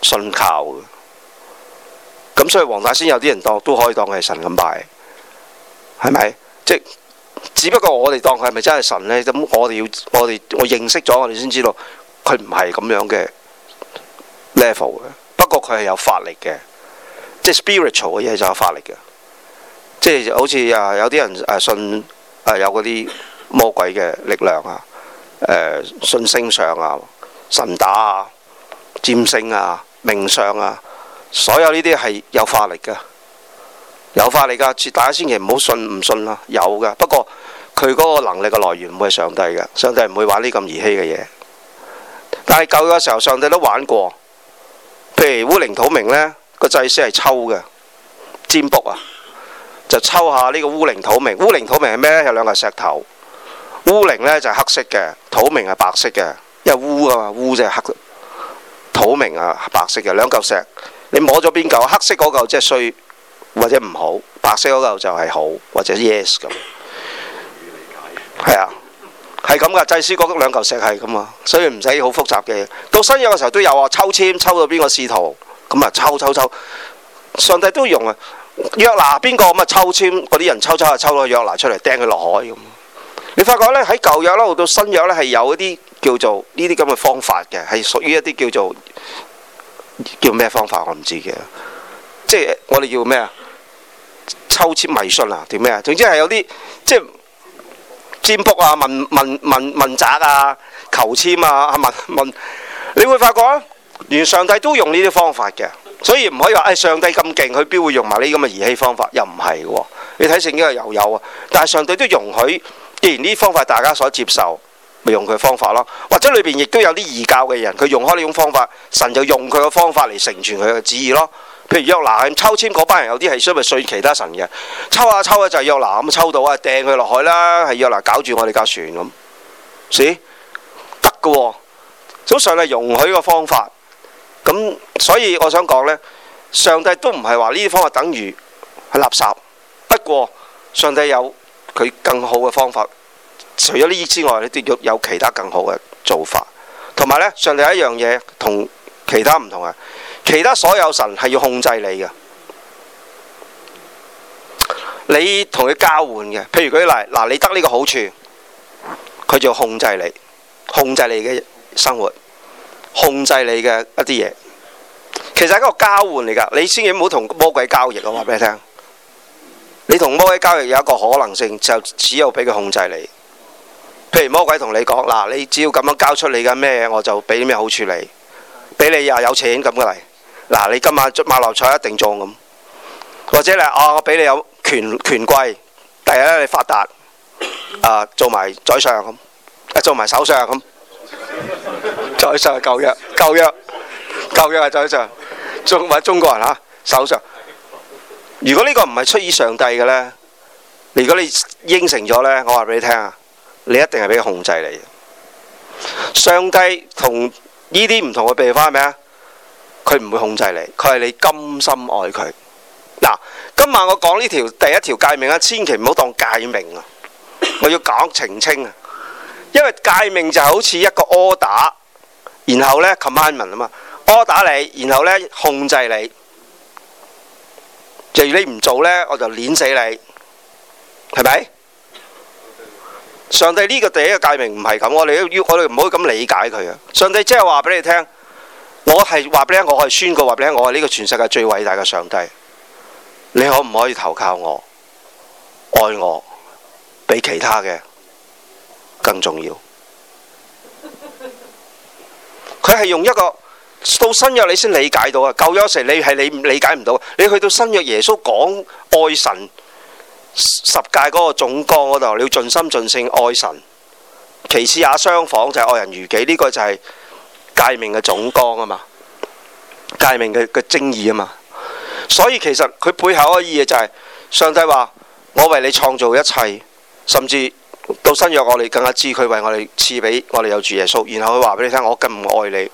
信靠嘅。咁所以黃大仙有啲人當都可以當佢係神咁拜的，係咪嗎？即只不過我哋當佢係咪真係神呢？咁我哋要我哋我認識咗我哋先知道佢唔係咁樣嘅 level 嘅。不過佢係有法力嘅，即係 spiritual 嘅嘢就有法力嘅。即係好似啊，有啲人誒、呃、信誒、呃、有嗰啲魔鬼嘅力量啊，誒、呃、信星相啊、神打啊、占星啊、命相啊，所有呢啲係有法力嘅，有法力噶。大家千祈唔好信唔信咯、啊，有噶。不過佢嗰個能力嘅來源唔會係上帝嘅，上帝唔會玩呢咁兒戲嘅嘢。但係舊嘅時候，上帝都玩過，譬如烏陵土明呢個祭司係抽嘅占卜啊。就抽下呢個烏靈土明，烏靈土明係咩？有兩嚿石頭，烏靈呢就係黑色嘅，土明係白色嘅，因為烏啊嘛，烏就係黑，土明啊白色嘅，兩嚿石，你摸咗邊嚿？黑色嗰嚿即係衰或者唔好，白色嗰嚿就係好或者 yes 咁。係啊，係咁噶，祭司覺得兩嚿石係咁啊，所以唔使好複雜嘅。到新約嘅時候都有啊，抽籤抽到邊個使徒，咁啊抽抽抽，上帝都用啊。約拿邊個咁啊抽籤，嗰啲人抽抽就抽到，約拿出嚟掟佢落海咁。你發覺呢？喺舊約一路到新約呢，係有一啲叫做呢啲咁嘅方法嘅，係屬於一啲叫做叫咩方法我唔知嘅，即係我哋叫咩啊？抽籤迷信啊？叫咩啊？總之係有啲即係占卜啊、問問問問宅啊、求籤啊、問問，你會發覺咧，連上帝都用呢啲方法嘅。所以唔可以話誒、哎、上帝咁勁，佢必會用埋呢啲咁嘅儀器方法，又唔係嘅。你睇聖經又有啊，但係上帝都容許，既然呢啲方法大家所接受，咪用佢方法咯。或者裏邊亦都有啲異教嘅人，佢用開呢種方法，神就用佢嘅方法嚟成全佢嘅旨意咯。譬如約拿抽籤嗰班人，有啲係想咪信其他神嘅，抽一下抽下就係約拿咁抽到啊，掟佢落海啦，係約拿搞住我哋架船咁，的哦、是得嘅。所以上帝容許個方法。咁所以我想講呢，上帝都唔係話呢啲方法等於係垃圾。不過上帝有佢更好嘅方法，除咗呢啲之外，你都要有其他更好嘅做法。同埋呢，上帝有一樣嘢同其他唔同啊！其他所有神係要控制你嘅，你同佢交換嘅。譬如舉例，嗱，你得呢個好處，佢就要控制你，控制你嘅生活。控制你嘅一啲嘢，其實係一個交換嚟噶。你千祈唔好同魔鬼交易，我話俾你聽，你同魔鬼交易有一個可能性，就只有俾佢控制你。譬如魔鬼同你講：嗱，你只要咁樣交出你嘅咩，我就俾啲咩好處你。俾你又有錢咁嚟。嗱，你今晚捉馬拉彩一定中咁。或者你：啊「哦，我俾你有權權貴，第日你發達，啊，做埋宰相咁，啊，做埋首相咁。啊在上舊約舊約舊約啊，在上中或者中國人吓，手上如果呢個唔係出於上帝嘅咧，如果你應承咗咧，我話俾你聽啊，你一定係俾佢控制你。上帝同呢啲唔同嘅地方係咩啊？佢唔會控制你，佢係你甘心愛佢嗱。今晚我講呢條第一條誡命啊，千祈唔好當誡命啊，我要講澄清啊，因為誡命就係好似一個 order。然後呢 commandment 啊嘛柯打你，然後呢，控制你，就如你唔做呢，我就碾死你，係咪？上帝呢個第一個誡命唔係咁，我哋要我哋唔可以咁理解佢啊！上帝即係話俾你聽，我係話俾你聽，我係宣告話俾你聽，我係呢個全世界最偉大嘅上帝，你可唔可以投靠我，愛我，比其他嘅更重要？佢係用一個到新約你先理解到啊，舊約時你係你理，理解唔到，你去到新約耶穌講愛神十誡嗰個總綱嗰度，你要盡心盡性愛神，其次也相仿就係愛人如己，呢、這個就係誡命嘅總綱啊嘛，誡命嘅嘅精義啊嘛，所以其實佢背後嘅意義就係上帝話我為你創造一切，甚至。到新約我哋更加知佢為我哋賜俾我哋有主耶穌，然後佢話俾你聽，我咁唔愛你，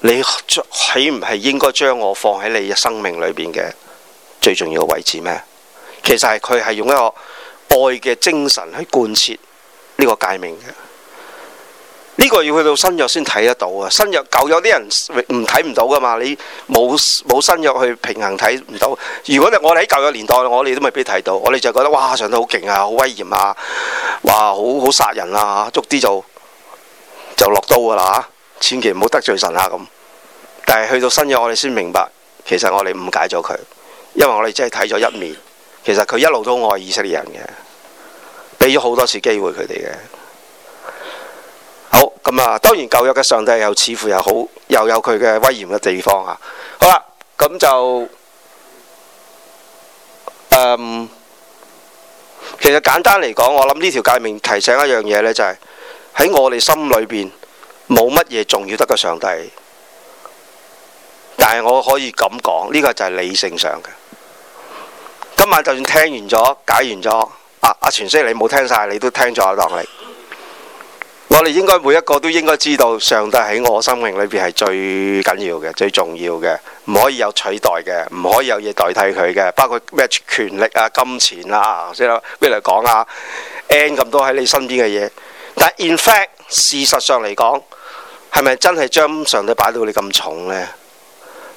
你豈唔係應該將我放喺你嘅生命裏邊嘅最重要嘅位置咩？其實係佢係用一個愛嘅精神去貫徹呢個誡命嘅。呢個要去到新約先睇得到啊！新約舊約啲人唔睇唔到噶嘛，你冇冇新約去平衡睇唔到。如果係我哋喺舊約年代，我哋都未必睇到，我哋就覺得，哇上帝好勁啊，好威嚴啊，哇好好殺人啊，捉啲就就落刀噶啦，千祈唔好得罪神啊咁。但係去到新約，我哋先明白，其實我哋誤解咗佢，因為我哋真係睇咗一面，其實佢一路都愛以色列人嘅，俾咗好多次機會佢哋嘅。好咁啊！當然舊約嘅上帝又似乎又好，又有佢嘅威嚴嘅地方啊！好啦，咁就嗯，其實簡單嚟講，我諗呢條誡命提醒一樣嘢呢，就係喺我哋心裏面冇乜嘢重要得過上帝。但係我可以咁講，呢、呢個就係理性上嘅。今晚就算聽完咗、解完咗，啊，啊全傳師你冇聽晒，你都聽咗啊！你當你。我哋應該每一個都應該知道，上帝喺我生命裏邊係最緊要嘅、最重要嘅，唔可以有取代嘅，唔可以有嘢代替佢嘅。包括咩權力啊、金錢啦、啊，即係咩嚟講啊？N 咁多喺你身邊嘅嘢，但 in fact 事實上嚟講，係咪真係將上帝擺到你咁重呢？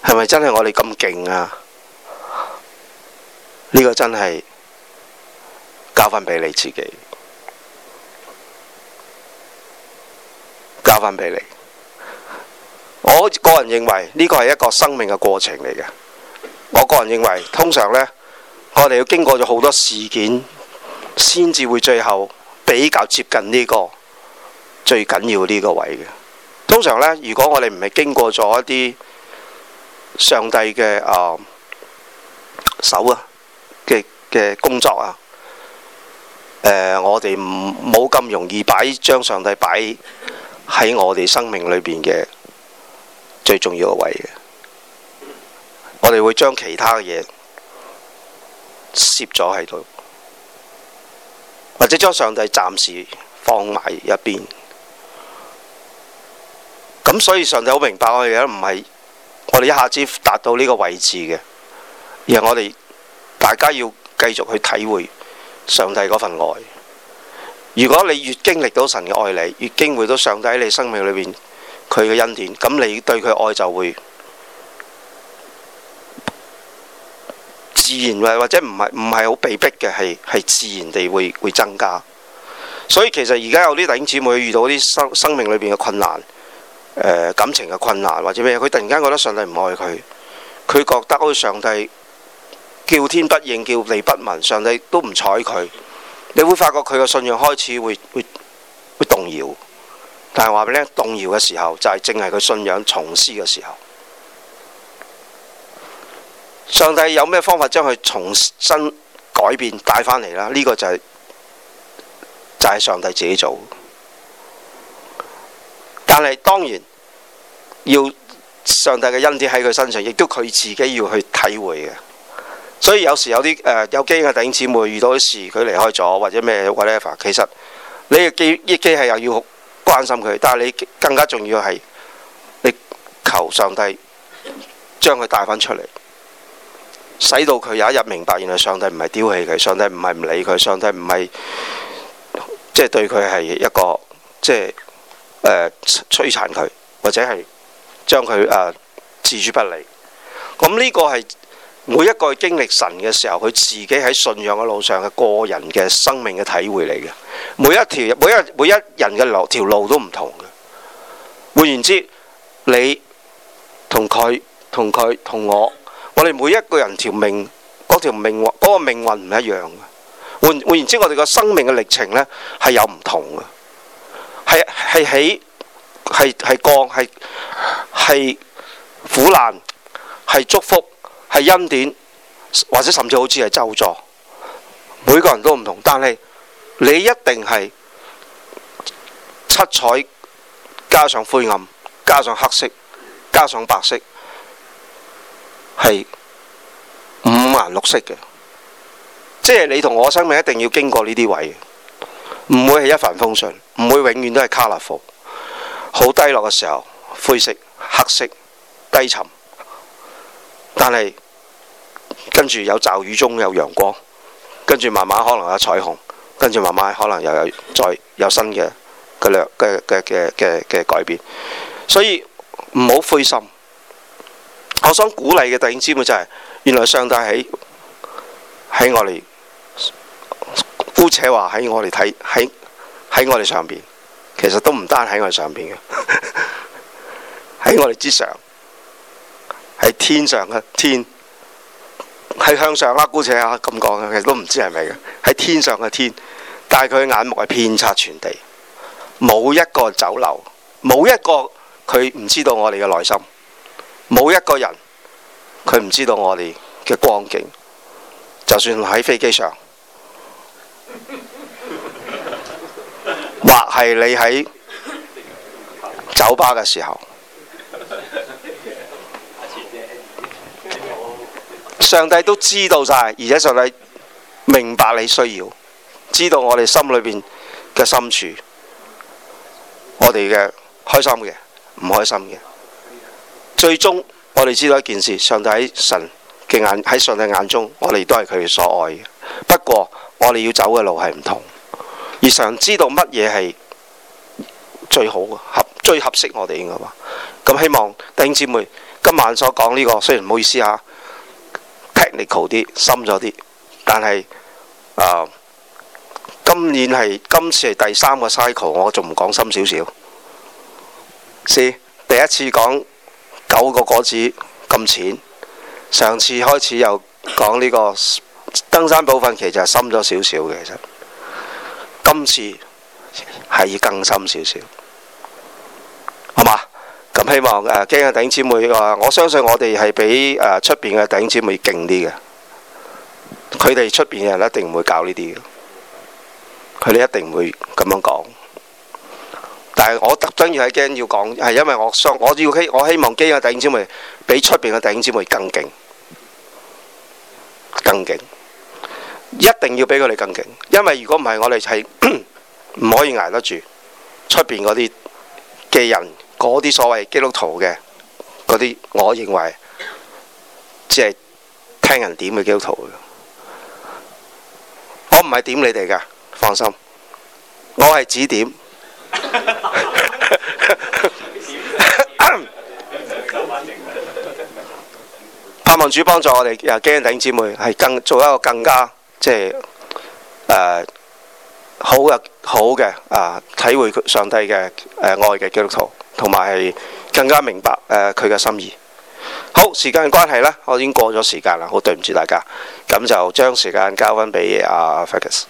係咪真係我哋咁勁啊？呢、呢個真係交翻俾你自己。交返俾你。我個人認為呢個係一個生命嘅過程嚟嘅。我個人認為通常呢，我哋要經過咗好多事件，先至會最後比較接近呢、呢個最緊要呢個位嘅。通常呢，如果我哋唔係經過咗一啲上帝嘅啊、呃、手啊嘅嘅工作啊，呃、我哋唔冇咁容易擺將上帝擺喺我哋生命裏邊嘅最重要嘅位嘅，我哋會將其他嘅嘢攝咗喺度，或者將上帝暫時放埋一邊。咁所以上帝好明白我哋而家唔係我哋一下子達到呢個位置嘅，而係我哋大家要繼續去體會上帝嗰份愛。如果你越經歷到神嘅愛你，越經會到上帝喺你生命裏面，佢嘅恩典，咁你對佢愛就會自然，或或者唔係唔係好被迫嘅，係係自然地會，會增加。所以其實而家有啲弟兄姊妹遇到啲生生命裏面嘅困難，呃、感情嘅困難或者咩，佢突然間覺，覺得上帝唔愛佢，佢覺得好上帝叫天不應，叫地不聞，上帝都唔睬佢。你會發覺佢嘅信仰開始會會，會動搖，但係話畀你聽，動搖嘅時候就係、是、正係佢信仰重思嘅時候，上帝有咩方法將佢重新改變帶翻嚟啦？呢、這個就係、是、就係、是、上帝自己做，但係當然要上帝嘅恩典喺佢身上，亦都佢自己要去體會嘅。所以有時有啲誒、呃、有機嘅弟兄姊妹遇到啲事，佢離開咗或者咩 whatever，其實你機呢機係又要好關心佢，但係你更加重要係你求上帝將佢帶翻出嚟，使到佢有一日明白，原來上帝唔係丟棄佢，上帝唔係唔理佢，上帝唔係即係對佢係一個即係、就是呃、摧殘佢，或者係將佢誒、呃、置諸不理。咁呢個係。每一個經歷神嘅時候，佢自己喺信仰嘅路上嘅個人嘅生命嘅體會嚟嘅。每一條、每一每一人嘅路條路都唔同嘅。換言之，你同佢同佢同我，我哋每一個人條命嗰條命運嗰個命運唔一樣嘅。換換言之，我哋個生命嘅歷程呢係有唔同嘅，係係起係係降係係苦難係祝福。係恩典，或者甚至好似係周座，每個人都唔同。但係你一定係七彩加上灰暗，加上黑色，加上白色，係五顏六色嘅。即係你同我生命一定要經過呢啲位，唔會係一帆風順，唔會永遠都係 colorful，好低落嘅時候，灰色、黑色、低沉，但係，跟住有驟雨中有陽光，跟住慢慢可能有彩虹，跟住慢慢可能又有，有再有新嘅嘅嘅嘅嘅嘅改變，所以唔好灰心。我想鼓勵嘅第二支咪就係、是，原來上帝喺喺我哋姑且話喺我哋睇喺喺我哋上邊，其實都唔單喺我哋上邊嘅，喺 我哋之上，喺天上嘅天。係向上啦，啊，姑且啊咁講嘅，其實都唔知係咪嘅。喺天上嘅天，但係佢嘅眼目係遍察全地，冇一個酒樓，冇一個佢唔知道我哋嘅內心，冇一個人佢唔知道我哋嘅光景。就算喺飛機上，或係你喺酒吧嘅時候。上帝都知道晒，而且上帝明白你需要，知道我哋心裏邊嘅深處，我哋嘅開心嘅，唔開心嘅。最終我哋知道一件事：上帝喺神嘅眼，喺上帝眼中，我哋都係佢所愛嘅。不過我哋要走嘅路係唔同，而常知道乜嘢係最好嘅合最合適我哋嘅話，咁希望弟兄姊妹今晚所講呢個，雖然唔好意思吓。你 y 啲深咗啲，但係啊、呃，今年係今次係第三個 cycle，我仲唔講深少少。是，第一次講九個果子咁淺，上次開始又講呢、這個登山部分其是點點，其實係深咗少少嘅，其實今次係要更深少少，好嘛？咁希望誒，基恩嘅弟兄姊妹個，我相信我哋係比誒出邊嘅弟兄姊妹勁啲嘅。佢哋出邊嘅人一定唔會搞呢啲嘅，佢哋一定唔會咁樣講。但係我特登要喺基恩要講，係因為我想我要希我希望基恩嘅弟兄姊妹比出邊嘅弟兄姊妹更勁，更勁，一定要比佢哋更勁。因為如果唔係，我哋係唔可以捱得住出邊嗰啲嘅人。嗰啲所謂基督徒嘅，嗰啲我認為即係聽人點嘅基督徒。我唔係點你哋㗎，放心，我係指點。盼望主幫助我哋又堅定姊妹，係更做一個更加即係誒。好嘅，好嘅，啊，體會佢上帝嘅誒、呃、愛嘅基督徒，同埋係更加明白誒佢嘅心意。好，時間嘅關係啦，我已經過咗時間啦，好，對唔住大家，咁就將時間交翻俾阿 Fergus。